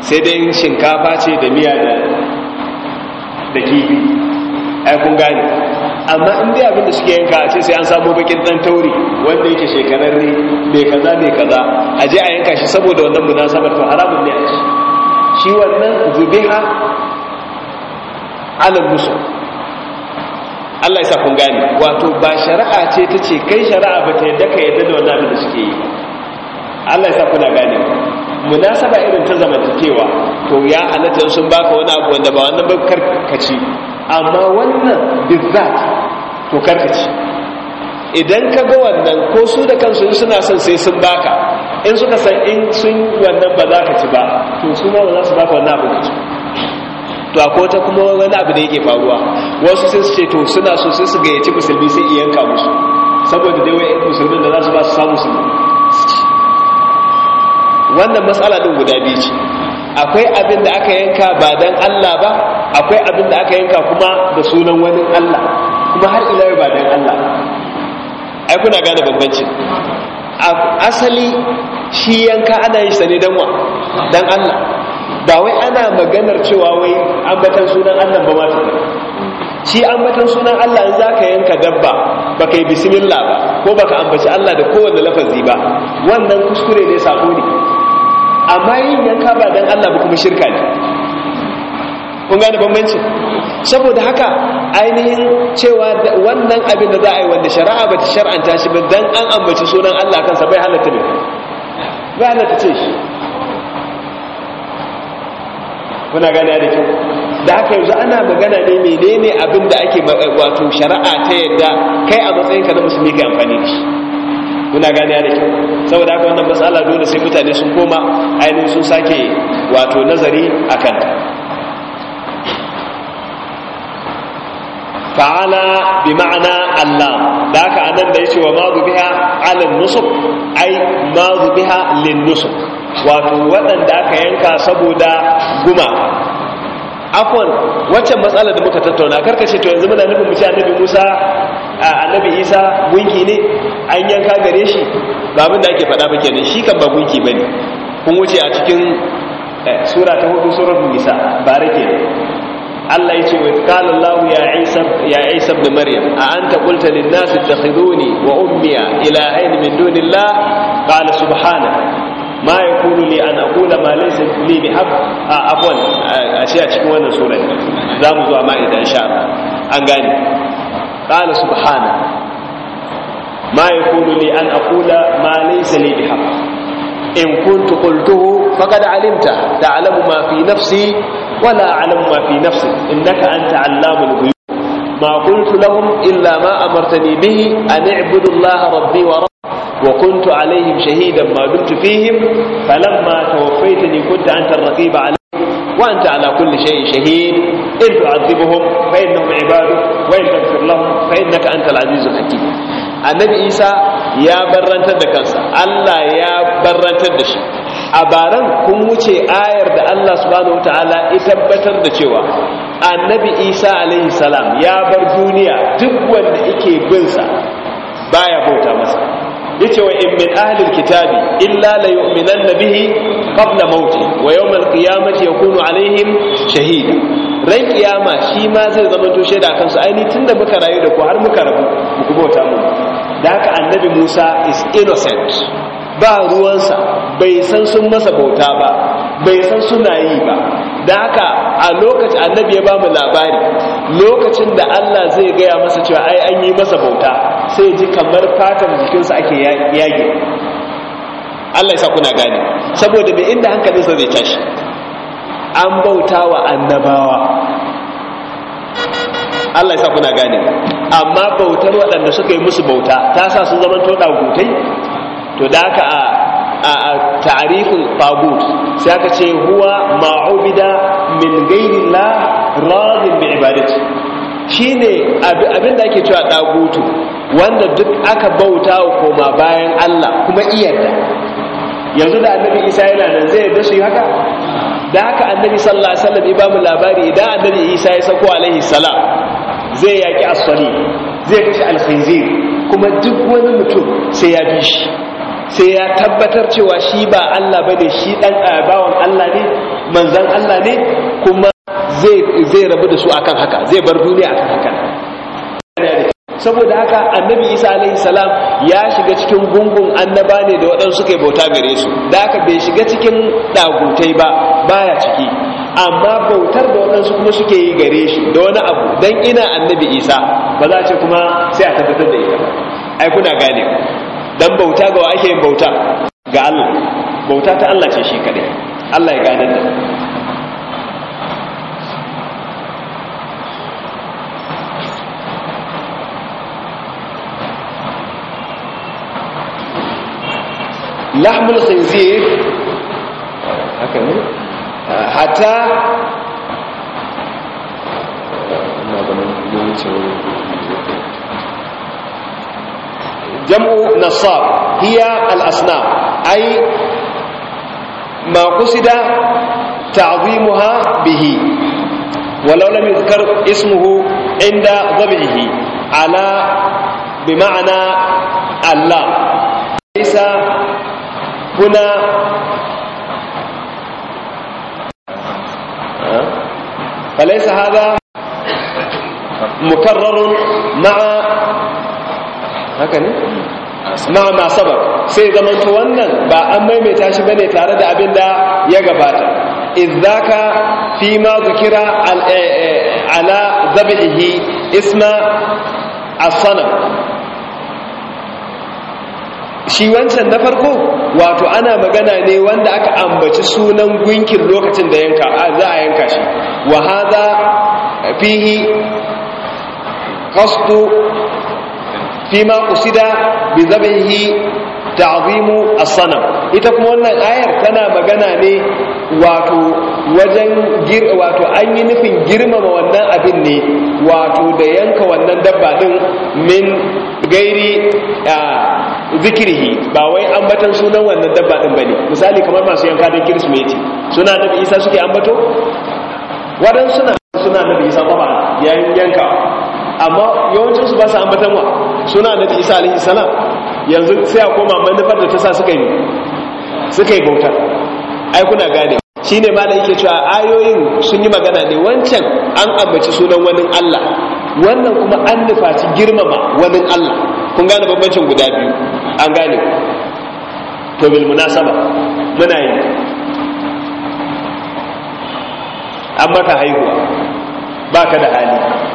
sai dai shinkafa ce da miya da kifi ai kun amma inda abin da suke yanka a ce sai an samu bakin dan tauri wanda yake shekarar ne bai kaza bai kaza a je a yanka shi saboda wannan munasabar to haramun ne a shi wannan zubiha ala musu Allah ya sa kun gane wato ba shari'a ce ta ce kai shari'a ba ta yadda ka yadda da wannan abin da suke yi Allah ya sa kuna gane munasaba irin ta zamantakewa to ya halatta sun baka wani abu wanda ba wannan ba karkaci amma wannan bizzat to karkaci idan ka ga wannan ko su da kansu suna son sai sun baka in suka san in sun wannan ba za ka ci ba to su ma ba za su baka wannan abin da to akwai ta kuma wani abu da yake faruwa wasu sun ce to suna so sai su gayyaci musulmi sai iya yanka musu saboda dai wai musulmin da za su ba su samu su wannan matsala din guda biyu ce akwai abin da aka yanka ba dan Allah ba akwai abin da aka yanka kuma da sunan wani Allah kuma har ila ba dan Allah ai kuna gane bambanci asali shi yanka ana yi sane dan wa dan Allah ba wai ana maganar cewa wai ambatan sunan Allah ba ma shi ambatan sunan Allah in zaka yanka dabba baka yi bismillah ba ko baka ambaci Allah da kowanne lafazi ba wannan kuskure ne sako ne amma yin yanka ba dan Allah ba kuma shirka ne kun gane bambanci saboda haka ainihin cewa wannan abin da za a yi wanda shari'a ba ta shar'anta shi ba dan an ambaci sunan Allah kansa bai halatta ne bai halatta ce shi kuna gane da kyau da haka yanzu ana magana ne menene abin da ake wato shari'a ta yadda kai a matsayin ka na musulmi kai amfani da shi kuna gane da kyau saboda haka wannan matsala dole sai mutane sun koma ainihin sun sake wato nazari a kan fa'ala bi ma'ana Allah da haka anan da yace wa ma biha alal nusuk ai ma biha lin nusuk wato waɗanda aka yanka saboda guma afon waccan matsalar da muka tattauna karkashe to yanzu muna nufin mutum annabi musa a annabi isa gunki ne an yanka gare shi ba abin da ake faɗa ba kenan shi kan ba gunki ba ne kun wuce a cikin eh, sura ta hudu surar nisa ba rake Allah ya ce wa kala Allah ya Isa ya Isa ibn Maryam a anta qulta lin nas ittakhiduni wa ummiya ilahayn min dunillah qala subhana ma yakunu li an aqula ma laysa li bi haqq a afwan a shi a cikin wannan sura za mu zuwa ma'ida insha Allah an gane qala subhana ma yakunu li an aqula ma laysa li bi haqq in kuntu qultuhu faqad alimta ta'lamu ma fi nafsi ولا أعلم ما في نفسك إنك أنت علام الغيوب ما قلت لهم إلا ما أمرتني به أن اعبدوا الله ربي وربي وكنت عليهم شهيدا ما دمت فيهم فلما توفيتني كنت أنت الرقيب عليهم وأنت على كل شيء شهيد إن تعذبهم فإنهم عبادك وإن تغفر لهم فإنك أنت العزيز الحكيم النبي عيسى يا برنت دكانسا الله يا برنت دشي a baran kun wuce ayar da Allah subhanahu wataala ya tabbatar da cewa annabi Isa alaihi salam ya bar duniya duk wanda yake bin sa baya bauta masa yace wa in min ahli alkitabi illa la yu'minanna bihi qabla mauti wa yawm alqiyamati yakunu alaihim shahida ran kiyama shi ma zai zama to shaida kansu ai ni tunda muka rayu da ku har muka rabu ku bauta mu da haka annabi Musa is innocent ba ruwansa bai san sun masa bauta ba bai san suna yi ba da haka a lokacin annabi ya bamu labari lokacin da Allah zai gaya masa cewa ai an yi masa bauta sai ji kamar fatan jikinsa ake yage Allah ya sa kuna gane saboda me inda hankalinsa zai tashi an bauta wa annabawa Allah ya sa kuna gane amma bautar waɗanda suka yi musu bauta ta sa su zama to gutai to da haka a a ta'arifin tagut sai aka ce huwa ma'ubida min gairin la radin bi ibadati shine abin da ake cewa dagutu wanda duk aka bauta wa koma bayan Allah kuma iyarda yanzu da annabi Isa yana nan zai yarda su yi haka da haka annabi sallallahu alaihi wasallam ibamu labari idan annabi Isa ya sako alaihi salam zai yaki as zai kashe al kuma duk wani mutum sai ya bi shi sai ya tabbatar cewa shi ba Allah ba ne, shi ɗan eh, bawan Allah ne manzan Allah ne kuma zai rabu da su akan haka zai bar duniya akan haka saboda haka annabi isa alaihi salam ya shiga cikin gungun annaba ne da waɗansu suke bauta gare su da haka bai shiga cikin ɗagutai ba baya ciki amma bautar da waɗansu kuma suke yi gare shi da wani abu don ina annabi isa ba za a ce kuma sai a tabbatar da ita ai kuna gane dan bauta ga wa ake yin bauta ga Allah bauta ta Allah ce shi kadai Allah ya gadar da lahmul khinzir haka ne hatta na ganin yawancin wani جمع نصاب هي الأصنام أي ما قصد تعظيمها به ولو لم يذكر اسمه عند ضبعه على بمعنى الله ليس هنا فليس هذا مكرر مع haka ne sabar sai zamanto wannan ba an maimaita shi bane tare da abin da ya gabata izaka fi ma zikira eh, eh, ala zabihi isma asana shi wancan na farko wato ana magana ne wanda aka ambaci sunan gunkin lokacin da yanka za a yanka shi wa fihi qasdu fima usida bi zabihi ta'zimu as-sanam ita kuma wannan ayar tana magana ne wato wajen wato an yi nufin girmama wannan abin ne wato da yanka wannan dabba din min gairi zikirhi ba wai ambatan sunan wannan dabba din bane misali kamar masu yanka da kirismeti suna nabi isa suke ambato waɗansu suna nabi isa kuma yayin yanka amma yawancinsu ba su ambatan wa suna na isa alaihi yanzu sai a koma manufar da ta sa suka yi suka yi bautar ai kuna gane shi ne ma da yake cewa ayoyin sun yi magana ne wancan an ambaci sunan wani allah wannan kuma an nufaci girmama wani allah kun gane bambancin guda biyu an gane to bil munasaba muna yi an maka haihuwa ba ka da hali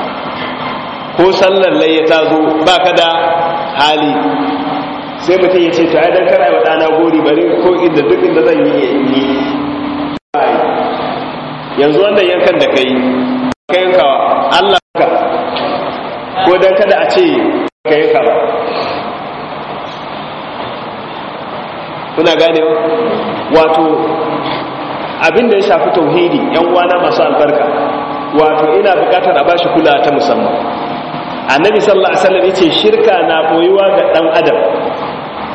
ko sallar layya ta zo ba ka da hali sai mutum ya ce to ai dan kana wa dana gori bari ko inda duk inda zan yi yi yanzu wannan yankan da kai ka yanka Allah ka ko dan kada a ce ka yanka ba kuna gane wato abin da ya shafi tauhidi yan uwana masu albarka wato ina bukatar a bashi kula ta musamman annabi sallallahu alaihi wasallam yace shirka na boyuwa ga dan adam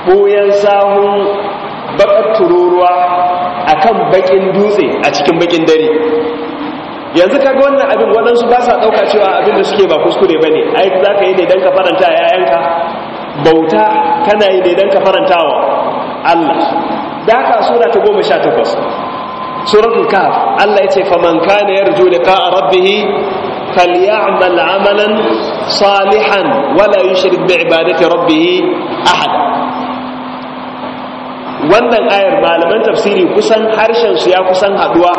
boyan sahun bakar tururuwa akan bakin dutse a cikin bakin dare yanzu kaga wannan abin wadansu ba sa ɗauka cewa abin da suke ba kuskure ba ne ai za yi ne dan ka faranta yayanka bauta kana yi ne dan ka farantawa? allah da sura ta goma sha takwas suratul kahf allah ya ce faman kana yarju liqa rabbih فليعمل عملا صالحا ولا يشرك بعباده ربه احد wannan ayar malaman tafsiri kusan harshen su ya kusan haduwa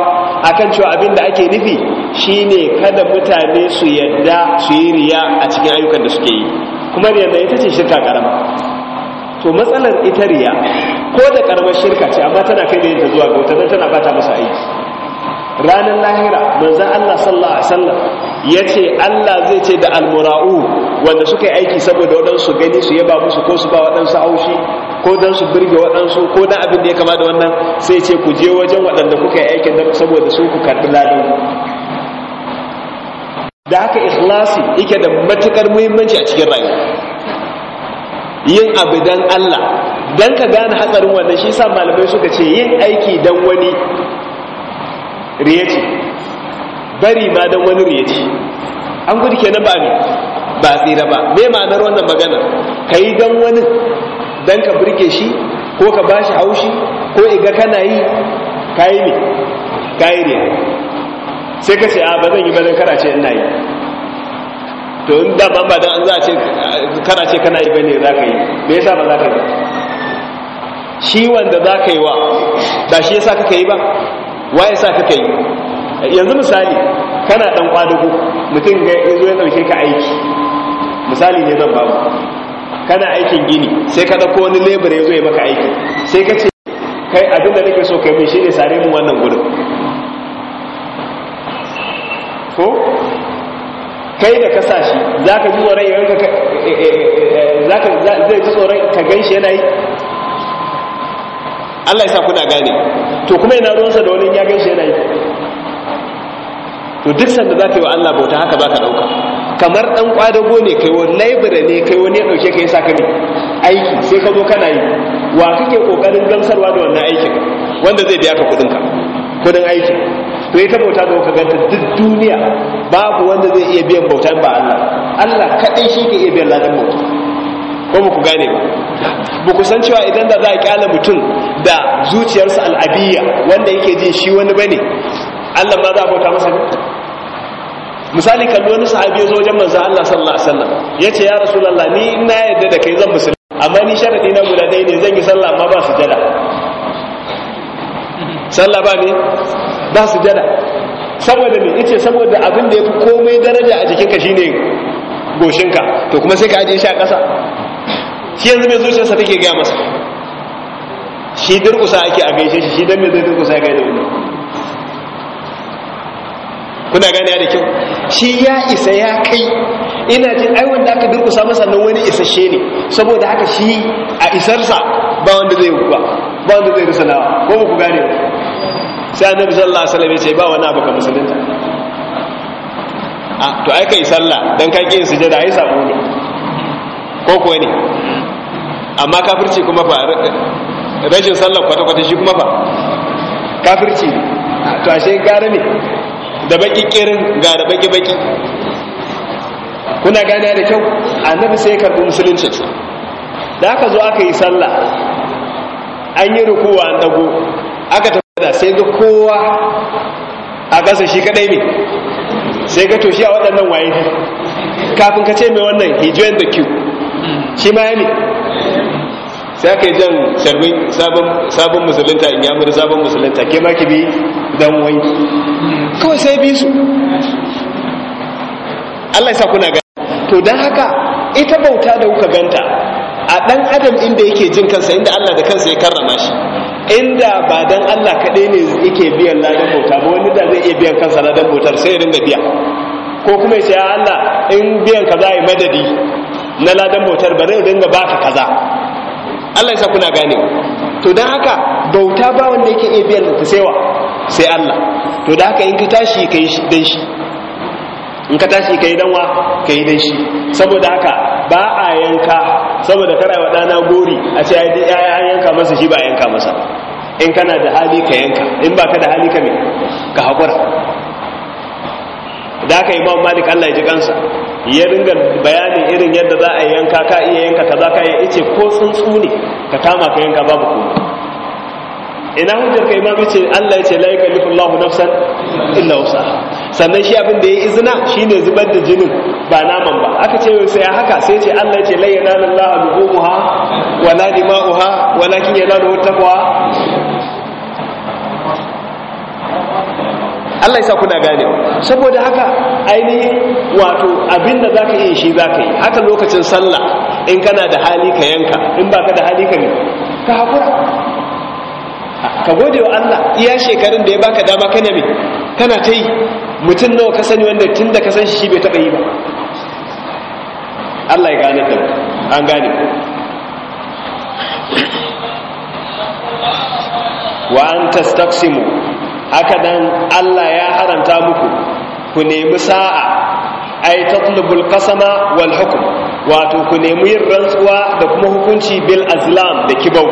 akan cewa abin da ake nufi shine kada mutane su yadda su yi riya a cikin ayyukan da suke yi kuma riya da ita ce shirka karama to matsalar ita riya ko da karamar shirka ce amma tana kai da yin ta zuwa ga wata tana bata masa aiki ranar lahira manzan Allah sallallahu alaihi wasallam ya ce Allah zai ce da almura'u wanda suka yi aiki saboda waɗansu gani su yaba musu ko su ba waɗansu haushi ko don su birge waɗansu ko don abin da ya kama da wannan sai ce ku je wajen waɗanda kuka yi aikin da saboda su ku karɓi ladan da haka ikhlasi yake da matuƙar muhimmanci a cikin rayuwa yin abu don Allah dan ka gane hatsarin wannan shi sa malamai suka ce yin aiki dan wani riyaci bari ma don wani riyaci an gudu kenan ba ne ba tsira ba me ma'anar wannan magana ka yi don wani don ka burge shi ko ka ba shi haushi ko iga kana yi ka yi ne ka yi ne, sai ka ce a ba zan yi ba don karace ina yi to in da ban ba don an za a ce kana kana yi bane za ka yi me yasa ba za ka yi shi wanda za ka yi wa ba shi yasa kaka yi ba waye sa kake yi? yanzu misali kana dan kwadugo mutum ga zo ya dauke ka aiki misali ne zan babu kana aikin gini sai ka dauko wani labor zo ya maka aiki sai ka ce kai abin da nake so kai mun shine sare mun wannan gurin ko kai da ka sashi zaka ji tsoron yanka zaka eh, eh, eh, zai ji tsoron ka ganshi yana yi Allah ya sa kuna gane to kuma yana ruwansa da wani ya gaishe yana yi to duk sanda za ka yi wa Allah bauta haka ba ka ɗauka kamar ɗan ƙwadago ne kai wani laibira ne kai wani ya ɗauke ka yi sa ka ne aiki sai ka zo kana yi wa kake ƙoƙarin gamsarwa da wannan aikin wanda zai biya ka kuɗinka kuɗin aiki to ita bauta da ka ganta duk duniya babu wanda zai iya biyan bauta ba Allah Allah kaɗai shi ke iya biyan ladan bauta ko muku ku gane ba ba ku san cewa idan da za a kyala mutum da zuciyarsa al'abiyya wanda yake jin shi wani bane Allah ma za a bauta masa ne misali kallo wani sahabi zo wajen manzo Allah sallallahu alaihi wasallam yace ya rasulullah ni ina yadda da kai zan musulmi amma ni sharadi na guda ɗaya ne zan yi sallah amma ba jada sallah ba ne ba su jada saboda me yace saboda abin da fi komai daraja a jikinka shine goshinka to kuma sai ka aje shi a ƙasa shi yanzu mai zuciyarsa take gaya masa shi durkusa ake a gaishe shi shi don mai zai durkusa ya gaida wuni kuna gani da kyau shi ya isa ya kai ina jin ai wanda aka durkusa masa nan wani isashe ne saboda haka shi a isarsa ba wanda zai kuwa ba wanda zai risalawa ko ba ku gane sai annabi sallallahu alaihi wasallam ya ce ba wani abu ka musulunta to ai kai sallah dan ka ki yin sujada ai sabo ne ko ko ne amma kafirci kuma fa rashin sallar kwata-kwata shi kuma fa kafirci to ashe gara ne da baki kirin ga da baki baki kuna gane da kyau annabi sai karbi musulunci da aka zo aka yi sallah an yi rukuwa an dago aka tafi sai ga kowa a gasa shi kadai ne sai ga toshi a waɗannan waye kafin ka ce mai wannan he joined the queue shi ma ya ne sai ka yi jan sharbin sabon musulunta in ya muri sabon musulunta ke ma ki bi dan wanki kawai sai bi su Allah ya sa kuna gani to don haka ita bauta da kuka ganta a dan adam inda yake jin kansa inda Allah da kansa ya karrama shi inda ba dan Allah kaɗai ne yake biyan ladan bauta ba wani da zai iya biyan kansa ladan bautar sai ya dinga biya ko kuma ya ce Allah in biyan ka za a yi madadi na ladan bautar ba zai dinga baka kaza Allah ya sa kuna gane to dan haka bauta ba wanda yake iya biyan ta saiwa sai Allah to da haka in ka tashi kai dan shi in ka tashi kai danwa kai dan shi saboda haka ba a yanka saboda kada wa dana gori a ce ai an yanka masa shi ba a yanka masa in kana da hali ka yanka in ba ka da hali ka me ka hakura da aka mawa malik allah ya ji kansa ya ringa bayanin irin yadda za a yanka ka iya yanka ka za ka yi ice ko tsuntsu ne ka kama ka yanka babu kuma. ina hujjar ka imam ce allah ce la yukallifu lahu nafsan illa wasa sannan shi abin da ya izina shi ne zubar da jinin ba naman ba aka ce sai haka sai ce allah ya yace la yanalu allah wa wala dima'uha walakin yanalu kuwa Allah ya sa kuna gane saboda haka ainihin wato abin da zaka yi shi zaka yi haka lokacin sallah in kana da hali ka yanka in baka da hali ka ne ka hakura ka gode wa Allah iya shekarun da ya baka dama kana me kana ta yi mutum nawa ka sani wanda tun da ka san shi bai taɓa yi ba Allah ya gane da an gane wa an tastaqsimu haka dan Allah ya haranta muku ku nemi sa'a ay tatlubul qasama wal hukm wato ku nemi yin rantsuwa da kuma hukunci bil azlam da kibau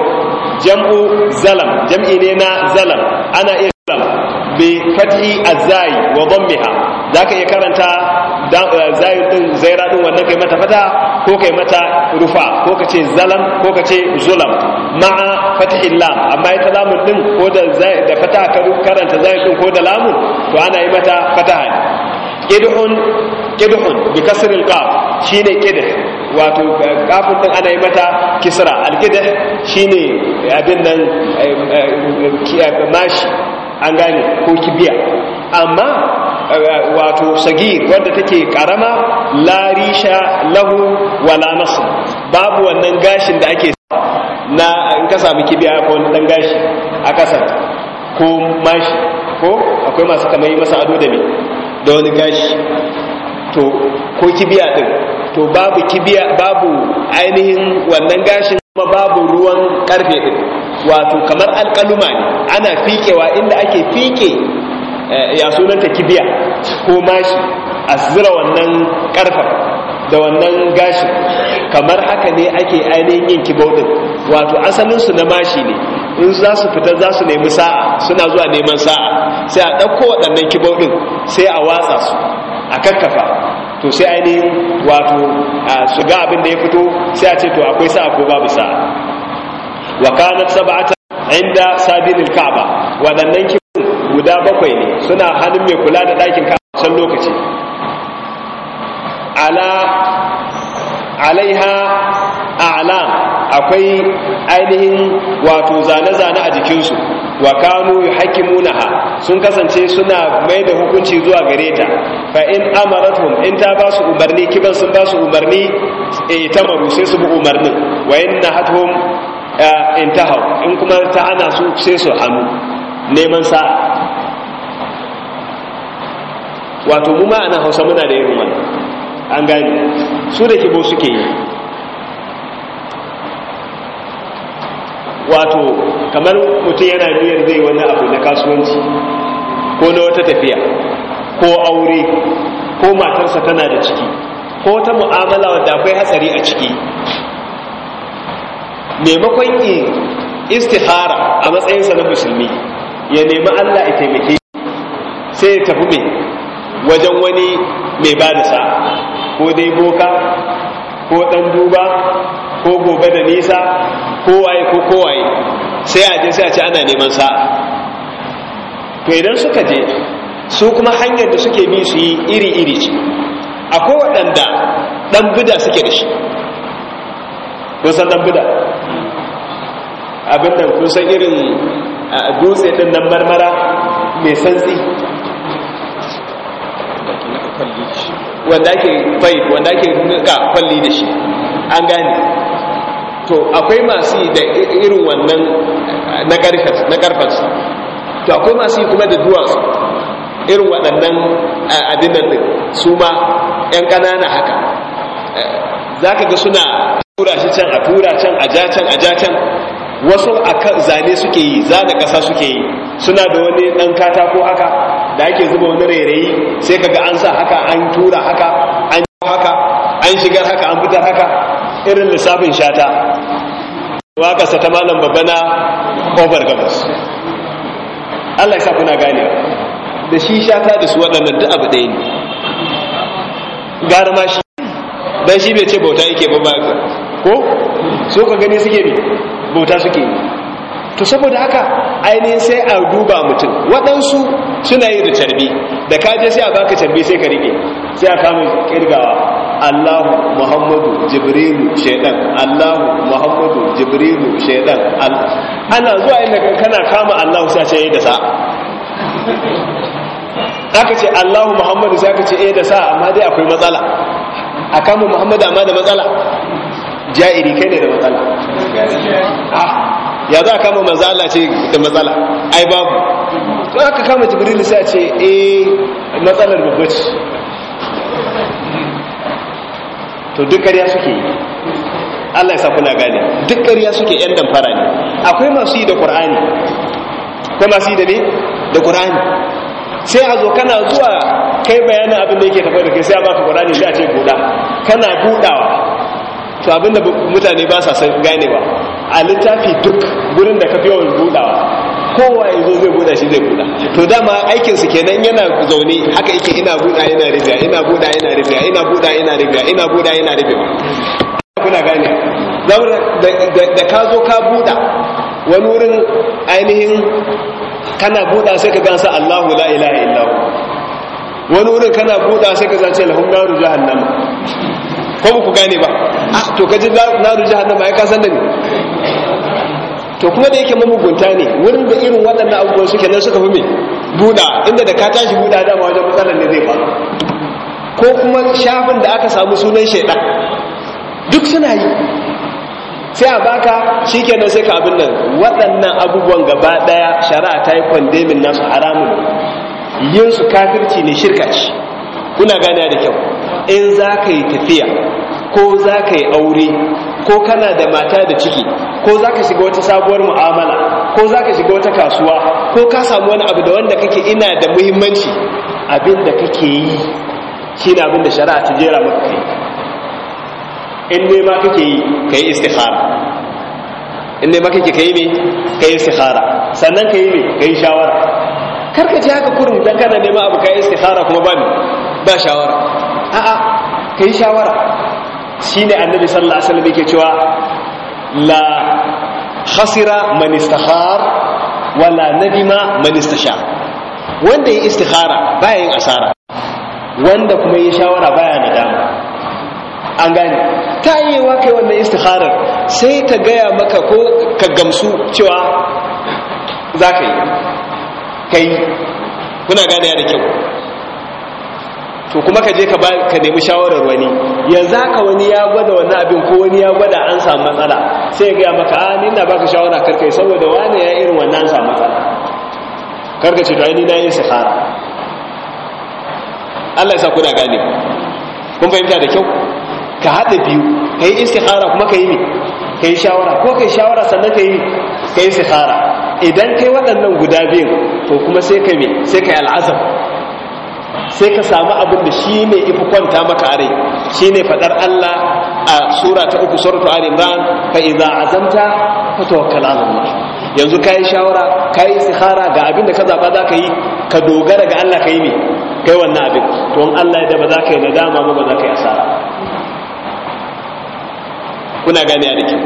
jam'u zalam jam'i ne na zalam ana iya bi fathi azai wa dhammiha zaka iya karanta eh, zai din zaira din wannan kai mata fata ko kai mata rufa ko kace zalam ko kace zulam ma'a fathi lam amma ita lamun din ko da zai da fata ka karanta zai din ko da lamun to ana yi mata fataha qidhun qidhun bi kasr al qaf shine kidh wato kafin eh, din ana yi mata kisra al kidh shine eh, abin nan mashi an gane ko kibiya amma eh, wato sagir wadda take karama la risha lahu wala nasu babu wannan gashin da ake na in ka samu kibiya ko wani dan gashi a kasar ko mashi ko akwai masu kamar masa ado da ne da wani gashi to ko kibiya din to babu kibiya babu ainihin wannan gashin kuma babu ruwan karfe din wato kamar alƙaluma ne ana fikewa inda ake fike eh, ya sunanta kibiya ko mashi a zira wannan karfa da wannan gashi kamar haka ne ake ainihin yin kibaudin wato asalinsu na mashi ne in za su fita za su nemi sa'a suna zuwa neman sa'a sai a ɗauko waɗannan kibau ɗin sai a watsa su a kakkafa to sai ainihin wato su ga abin da ya fito sai a ce to akwai sa'a ko babu sa'a wa kanat sab'ata inda sabilil ka'aba waɗannan kibau guda bakwai ne suna hannun mai kula da ɗakin ka'aba lokaci alaiha a'lam akwai ainihin wato zane-zane a jikinsu wa kanu yuhakimunaha sun kasance suna mai da hukunci zuwa gare ta fa in amaratuhum in ta ba su umarni kiban sun ba su umarni eh tamaru sai su bi umarnin wa in nahatuhum eh, intahaw in kuma ta ana su sai su hanu neman sa wato mu ma ana Hausa muna da irin wannan an gani su da kibo suke yi wato kamar mutum yana niyyar zai wani abu na kasuwanci ko na wata tafiya ko aure ko matarsa tana da ciki ko ta mu'amala wadda akwai hatsari a ciki maimakon yi istihara a matsayinsa na musulmi ya nemi allah ya taimake sai ya tafi mai wajen wani mai ba da sa ko dai boka ko dan duba ko gobe da nisa waye ko ko waye, sai a je sai a ce ana neman sa. to idan suka je su kuma hanyar da suke bi su yi iri-iri ce akwai waɗanda ɗan bida suke da shi kun san dan bida abin nan kun san irin dutse ɗin nan marmara mai santsi wanda ake bai kwalli da shi an gane to akwai masu da irin wannan eh, na karfarsu to akwai masu yi kuma da duwarsu irin waɗannan eh, adinan da su ma 'yan ƙanana haka eh, za ka ga suna tura shi can a tura can a ja can a ja can wasu a zane suke yi zane ƙasa suke yi suna da wani ɗan katako haka da ake zuba wani rairayi sai kaga an sa haka an tura haka an yi haka an shigar haka an fitar haka irin lissafin shata waƙarsa ta malam babba na ƙofar gabas allah ya sa kuna gane da shi shata da su waɗannan duk abu ɗaya ne gara ma shi Dan shi bai ce bauta yake ba ko so ka gani suke bi bauta suke yi to saboda haka ainihin sai a duba mutum waɗansu suna yi da carbi da kaje sai a baka carbi sai ka riƙe. sai a kama kirgawa allahu muhammadu jibrilu shaidan allahu muhammadu jibrilu shaidan ana zuwa inda kana kama allahu sai ce eh, da sa aka ce allahu muhammadu sai aka ce eh da sa amma dai akwai matsala a kama muhammadu amma da matsala ja'iri kai ne da matsala ya za a kama matsala ce da matsala ai babu to aka kama jibril sai a ce eh matsalar babba ce to duk kariya suke yi Allah ya sa kuna gane duk kariya suke yan damfara ne akwai masu yi da Qur'ani akwai masu yi da ne da Qur'ani sai a zo kana zuwa kai bayanin abin da yake tafai da kai sai a baka Qur'ani sai a ce buɗa kana buɗawa to abin da mutane ba sa san ganewa a littafi duk gurin da ka fi yawan budawa kowa ya zo zai buda shi zai buda to dama su kenan yana zaune haka yake ina buda yana rufe ina buda yana rufe ina buda yana rufe ina buda yana rufe kuna gane da ka zo ka buda wani wurin ainihin kana buda sai ka gansa Allahu la ilaha illahu wani wurin kana buda sai ka zace lahum naru jahannama ko ku gane ba ah, to kaji naru jahannama ai ka san da ni to kuma da yake mamugunta ne wurin da irin waɗannan abubuwan suke nan suka fi mai buɗa inda da ka tashi buɗa dama wajen matsalar ne zai ba ko kuma shafin da aka samu sunan shaidan duk suna yi sai a baka shi kenan sai ka abin nan waɗannan abubuwan gaba ɗaya shari'a ta yi kwandemin nasu haramun yin su kafirci ne shirka ci. kuna gane da kyau in za ka yi tafiya ko za ka yi aure ko kana da mata da ciki ko za ka shiga wata sabuwar mu'amala ko za ka shiga wata kasuwa ko ka samu wani abu da wanda kake ina da muhimmanci abin da kake yi shi ne abin da shari'a ta jera maka kai in ne ma kake yi ka yi istihara in ne ma kake ka yi me ka yi istihara sannan ka yi ne ka yi shawara karka ji haka kurin dan kana nema abu ka yi istihara kuma ba ba shawara a'a ka yi shawara shi ne annabi sallallahu alaihi wasallam yake cewa la khasira man istakhar wala nadima man istasha wanda ya istikhara baya yin asara wanda kuma ya shawara baya nadama an gane ta wa kai wannan istikharar sai ta gaya maka ko ka gamsu cewa za ka yi kai kuna gane da kyau to kuma ka je ka nemi shawarar wani yanzu haka wani ya gwada wani abin ko wani ya gwada an samu matsala sai ya gaya maka a ah, ni na baka shawara karkai saboda wani ya irin wannan an samu matsala karka ce to ni na yi sahara Allah ya sa kuna gane kun fahimta da kyau ka haɗa biyu ka yi istikhara kuma ka yi ne ka yi shawara ko ka yi shawara sannan ka yi ne ka yi istikhara idan kai waɗannan guda biyun to kuma sai ka sai ka yi al'azab sai ka samu abin da shi ne ifi kwanta maka a rai shi ne faɗar Allah a sura ta uku suratu Ali Imran fa idza azamta ka tawakkal ala Allah yanzu yi shawara ka yi sihara, ga abin da ka zaba ka yi ka dogara ga Allah ka yi ne kai wannan abin to wani Allah ya da ba za ka yi na dama ba za ka yi asara kuna gane a kyau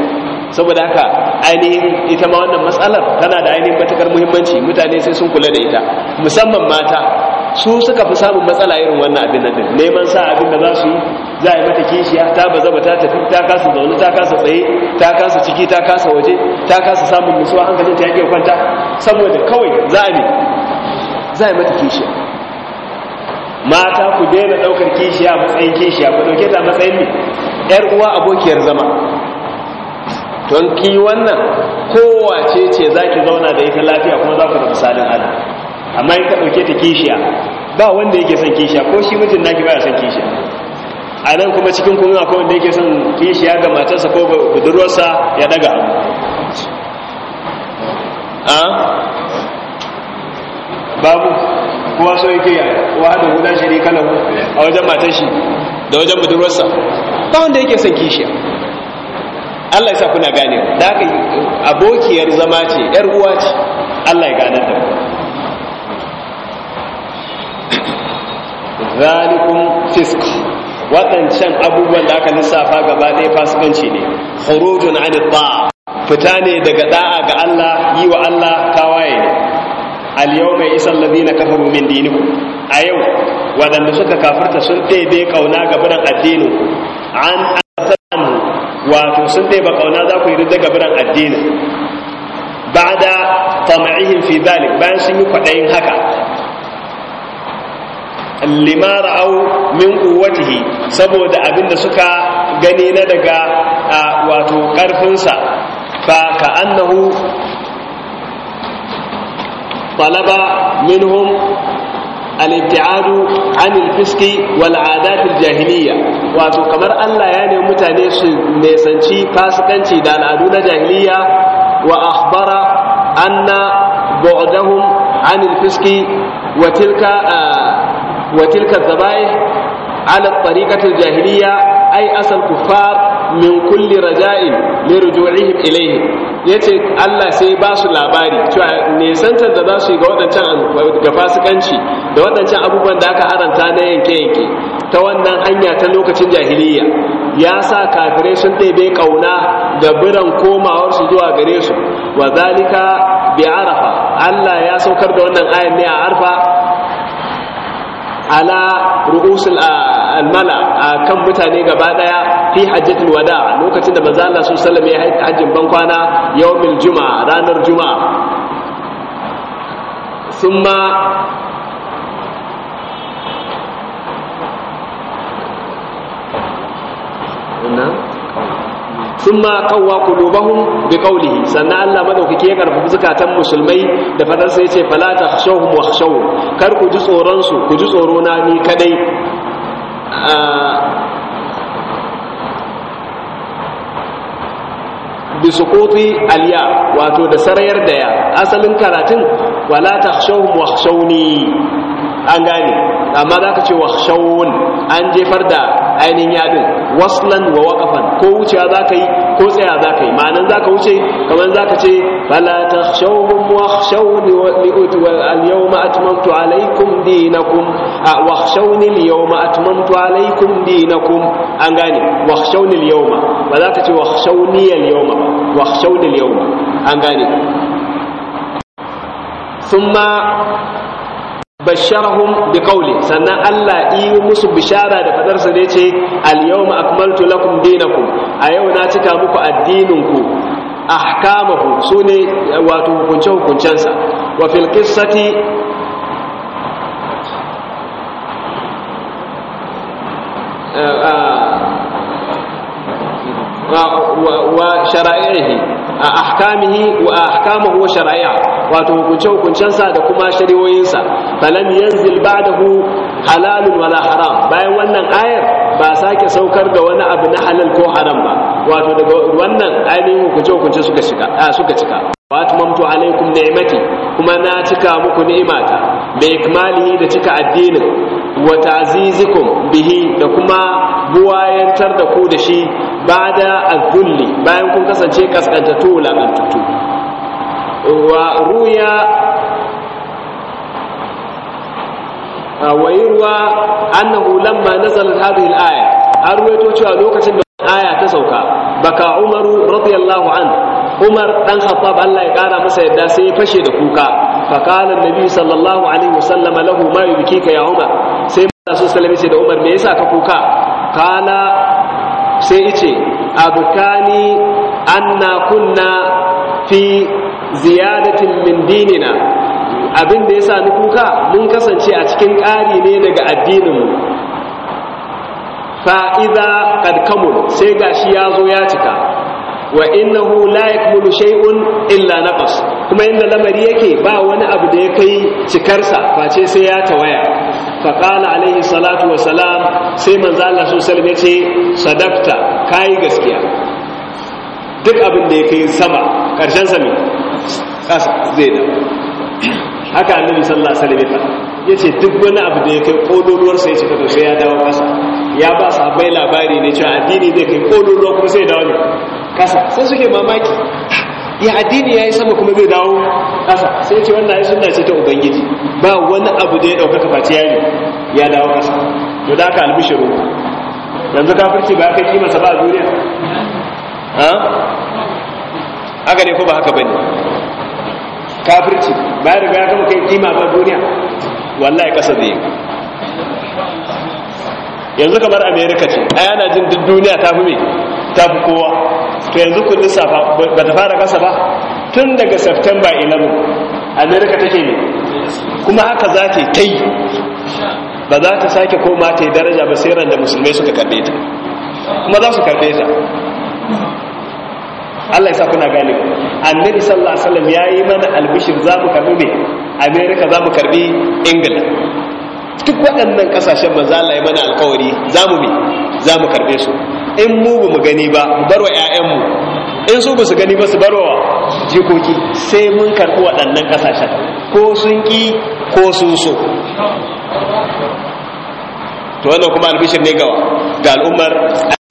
saboda haka ainihin ita ma wannan matsalar tana da ainihin matakar muhimmanci mutane sai sun kula da ita musamman mata su suka fi samun matsala irin wannan abin nan neman sa abin da za su yi za a yi mata kishiya ta ba ta tafi ta kasa zaune ta kasa tsaye ta kasa ciki ta kasa waje ta kasa samun nutsuwa hankalin ta yake kwanta saboda kawai za a ne za a yi mata kishiya mata ku daina daukar kishiya matsayin kishiya ku dauke ta matsayin ne yar uwa abokiyar zama don ki wannan kowace ce za ki zauna da ita lafiya kuma za ku da misalin Allah amma in ka ɗauke ta kishiya ba wanda yake son kishiya ko shi mutum naki baya son kishiya a nan kuma cikin kuma akwai wanda yake son kishiya ga matarsa ko budurwarsa ya daga a babu kuwa so yake wa da shi ne kanan a wajen matar shi da wajen budurwarsa ba wanda yake son kishiya Allah ya sa kuna gane da aka abokiyar zama ce yar uwa ce Allah ya ganar da ku. zalikun fisk waɗancan abubuwan da aka lissafa gaba ɗaya fasikanci ne horojin an fita ne daga da'a ga Allah yi wa Allah tawaye ne al mai isan ladina kafa min dinikum a yau waɗanda suka kafarta sun ɗebe kauna ga biran addinin an an wato sun ɗebe ƙauna za ku yi ga biran ba da tam'ihim fi zalik bayan sun yi kwaɗayin haka lima ra'au min quwwatihi saboda abinda suka gani na daga wato karfinsa fa ka annahu talaba minhum al-ibti'ad 'an al-fisqi wal 'adat al-jahiliyya wato kamar Allah ya nemi mutane su nesanci fasikanci da al'adu na jahiliyya wa akhbara anna bu'dahum 'an al-fisqi wa tilka wa tilka zabai ala tariqati jahiliya ay asal kuffar min kulli raja'in li yace Allah sai ba su labari cewa ne santar da za su yi ga ga fasikanci da waɗancan abubuwan da aka aranta na yanke yanke ta wannan hanya ta lokacin jahiliya ya sa kafirai sun ɗebe ƙauna da biran komawarsu zuwa gare su wa zalika bi arafa Allah ya saukar da wannan ayan ne a arfa ala ru'usul almala kan mutane gaba daya fi hajjatul wada lokacin da manzo Allah sallallahu alaihi wasallam ya hajjin bankwana yawmil juma'a ranar juma'a summa inna ma thumma qawwa bi biqawlihi sannan Allah madaukake ya karfafi zakatan musulmai da fadar sai yace fala takhshawhum wakhshaw kar ku ji tsoron su ku ji tsoro na ni kadai bisukoti aliya wato da sarayar da asalin karatun wala ta shahun wahshauni an gane amma za ka ce wa shawun an jefar da ainihin yadin waslan wa waƙafan ko wucewa za ka yi ko tsaya za ka yi ma'anin za ka wuce kamar za ka ce fala shawun wa shawun al-yawma atmamtu alaikum dinakum wa shawun al ma'atumantu atmamtu alaikum dinakum an gane wa shawun al ma ba za ka ce wa shawun al ma wa shawun al ma an gane ثم basharahum biqawli sannan Allah yi musu bishara da fadar sa ne ce al-yawma akmaltu lakum dinakum a yau na cika muku addinin ku ahkamahu sune wato hukunce hukuncen sa wa fil qissati wa shara'ihi ahkamihi wa ahkamahu wa shara'ihi wato hukunce hukuncensa da kuma shari'o'insa falam yanzil ba'dahu halalun wala haram bayan wannan ayar ba sake saukar da wani abu na halal ko haram ba wato daga wannan ainihin hukunce hukunce suka shiga a suka cika wa mamtu alaikum ni'mati kuma na cika muku ni'imata bi ikmali da cika addinin wa ta'zizikum bihi da kuma buwayantar da ku da shi bada azulli bayan kun kasance kaskantatu la وروي ويروى أنه لما نزلت هذه الآية أرويت شعلوك شنو آية تسوكا بكى عمر رضي الله عنه عمر دان خطاب الله يقال مسا يدا سي فشي da kuka فقال النبي صلى الله عليه وسلم له ما يبكيك يا عمر sai manzo sallallahu alaihi da Umar me yasa ka kuka kana sai yace abukani anna kunna fi ziyadatin min dinina abin da ya sa ni kuka mun kasance a cikin ƙari ne daga addininmu fa'iza kamul sai gashi ya zo ya cika wa innahu la yakmulu shay'un illa naqas kuma inda lamari yake ba wani abu da ya kai cikarsa face sai ya tawaya fa qala alayhi salatu wa salam sai manzo Allah sallallahu alaihi wasallam ya ce sadaqta kai gaskiya duk abin da ya kai sama ƙarshen sami ƙasa zai da haka annabi sallah alaihi wasallam ya ce duk wani abu da ya kai kodoruwar sai cika to sai ya dawo ƙasa ya ba su abai labari ne cewa addini zai kai kodoruwa kuma sai dawo ne ƙasa sai suke mamaki ya addini ya yi sama kuma zai dawo ƙasa sai ce wannan ya suna ce ta ubangiji ba wani abu da ya ɗaukaka face ya ya dawo ƙasa to da aka albishiru yanzu kafirci ba kai kimansa ba a duniya ha haka ne ko ba haka bane kafirci ba riga ya kama kai kima ba duniya wallahi kasa zai yanzu kamar america ce a yana jin duk duniya ta fi me ta fi kowa to yanzu kun lissafa ba ta fara kasa ba tun daga september 11 america take ne kuma haka za ta ta yi ba za ta sake koma ta yi daraja ba sai ran da musulmai suka karbe ta kuma za su karbe ta Allah ya sa kuna gane annabi sallallahu alaihi wasallam yayi mana albishir za mu karbi me America za mu karbi England duk waɗannan kasashen manzo Allah ya mana alƙawari za mu me za mu karbe su in mu ba mu gani ba mu barwa mu. in su ba su gani ba su barwa jikoki sai mun karbi waɗannan kasashen ko sun ki ko sun so to wannan kuma albishir ne ga al'ummar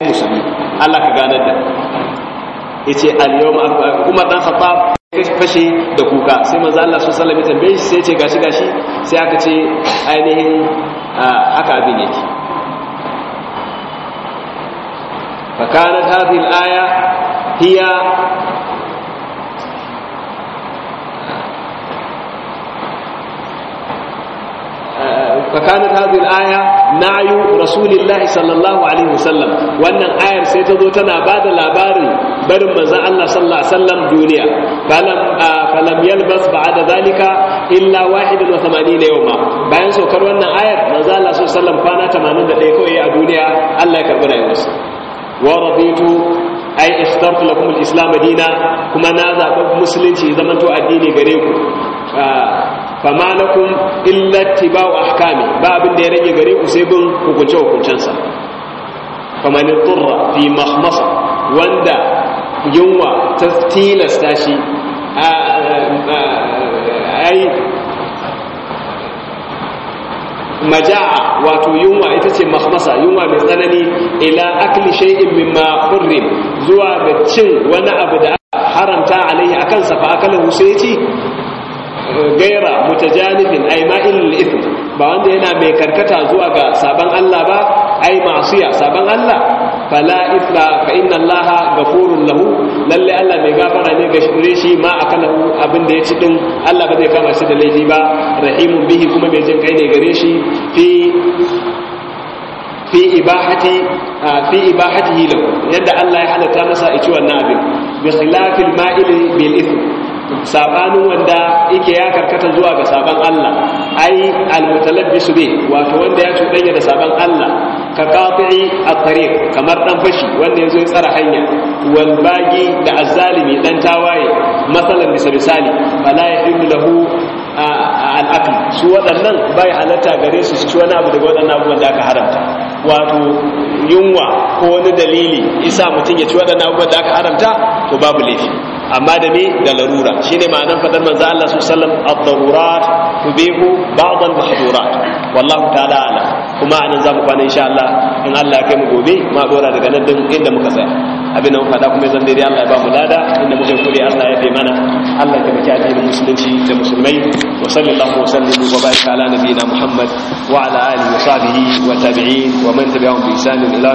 musulmi Allah ka ganar da yace al-yawma Umar dan Khattab fashe da kuka sai maza Allah su sallame tambaye shi sai ce gashi gashi sai aka ce ainihin haka abin yake fa kanat aya hiya فكانت هذه الآية نعي رسول الله صلى الله عليه وسلم وأن الآية سيتضوتنا بعد الأباري بل مزاء الله صلى الله عليه وسلم دنيا فلم, آه فلم يلبس بعد ذلك إلا واحد وثمانين يوما بأن سوكر وأن آية مزاء الله صلى الله عليه وسلم فانا تمانون دقيقة إيه دنيا الله يكبر يوسف ورضيت ai ikhtartu lakum al-islam dina kuma na zaɓi musulunci zaman to addini gare ku fama lakum ba tibau ahkami ba abin da ya rage gare ku sai bin hukunce hukuncensa faman turra fi mahmasa wanda yunwa ta tilasta shi ai maja'a wato yunwa ita ce mahmasa yunwa mai tsanani ila akli shay'in mimma hurrim zuwa ga cin wani abu da haramta alaihi akan safa akalin husaiti gaira mutajanifin ai ma'ilil ithm ba wanda yana mai karkata zuwa ga sabon Allah ba ai ma'asiya sabon Allah fala ithla fa inna Allah ghafurun lahu lalle Allah mai gafara ne gare shi ma a abin da ya ci din Allah ba zai kama shi da laifi ba rahimun bihi kuma mai jin kai ne gare shi fi fi ibahati fi ibahatihi lahu yadda Allah ya halatta masa ya ci wannan abin bi khilafil ma'ili bil ithm sabanin wanda yake ya karkata zuwa ga sabon Allah ai almutalabbisu bi wato wanda ya cuɗanya da sabon Allah ka qati'i at-tariq kamar dan fashi wanda yazo ya tsara hanya wal bagi da az-zalimi dan tawaye masalan bisa misali ya yahillu lahu al-akl su waɗannan bai halatta gare su su ci wani abu daga wadannan abubuwan da aka haramta wato yunwa ko wani dalili isa mutum ya ci wadannan abubuwan da aka haramta to babu laifi amma da me da larura shine ma'anar fadar manzo Allah sallallahu alaihi ad-darurat tubihu ba'd al-mahdurat wallahu ta'ala ala kuma anan zamu kwana insha Allah in Allah ya kai mu gobe ma dora daga nan din inda muka tsaya abin da muka fada kuma zan dai Allah ya ba mu lada inda muka kure Allah ya bai mana Allah ya tabbata addinin musulunci da musulmai wa sallallahu wa sallam wa baraka ala nabiyina Muhammad wa ala alihi wa sahbihi wa tabi'in wa man tabi'ahum bi ihsan ila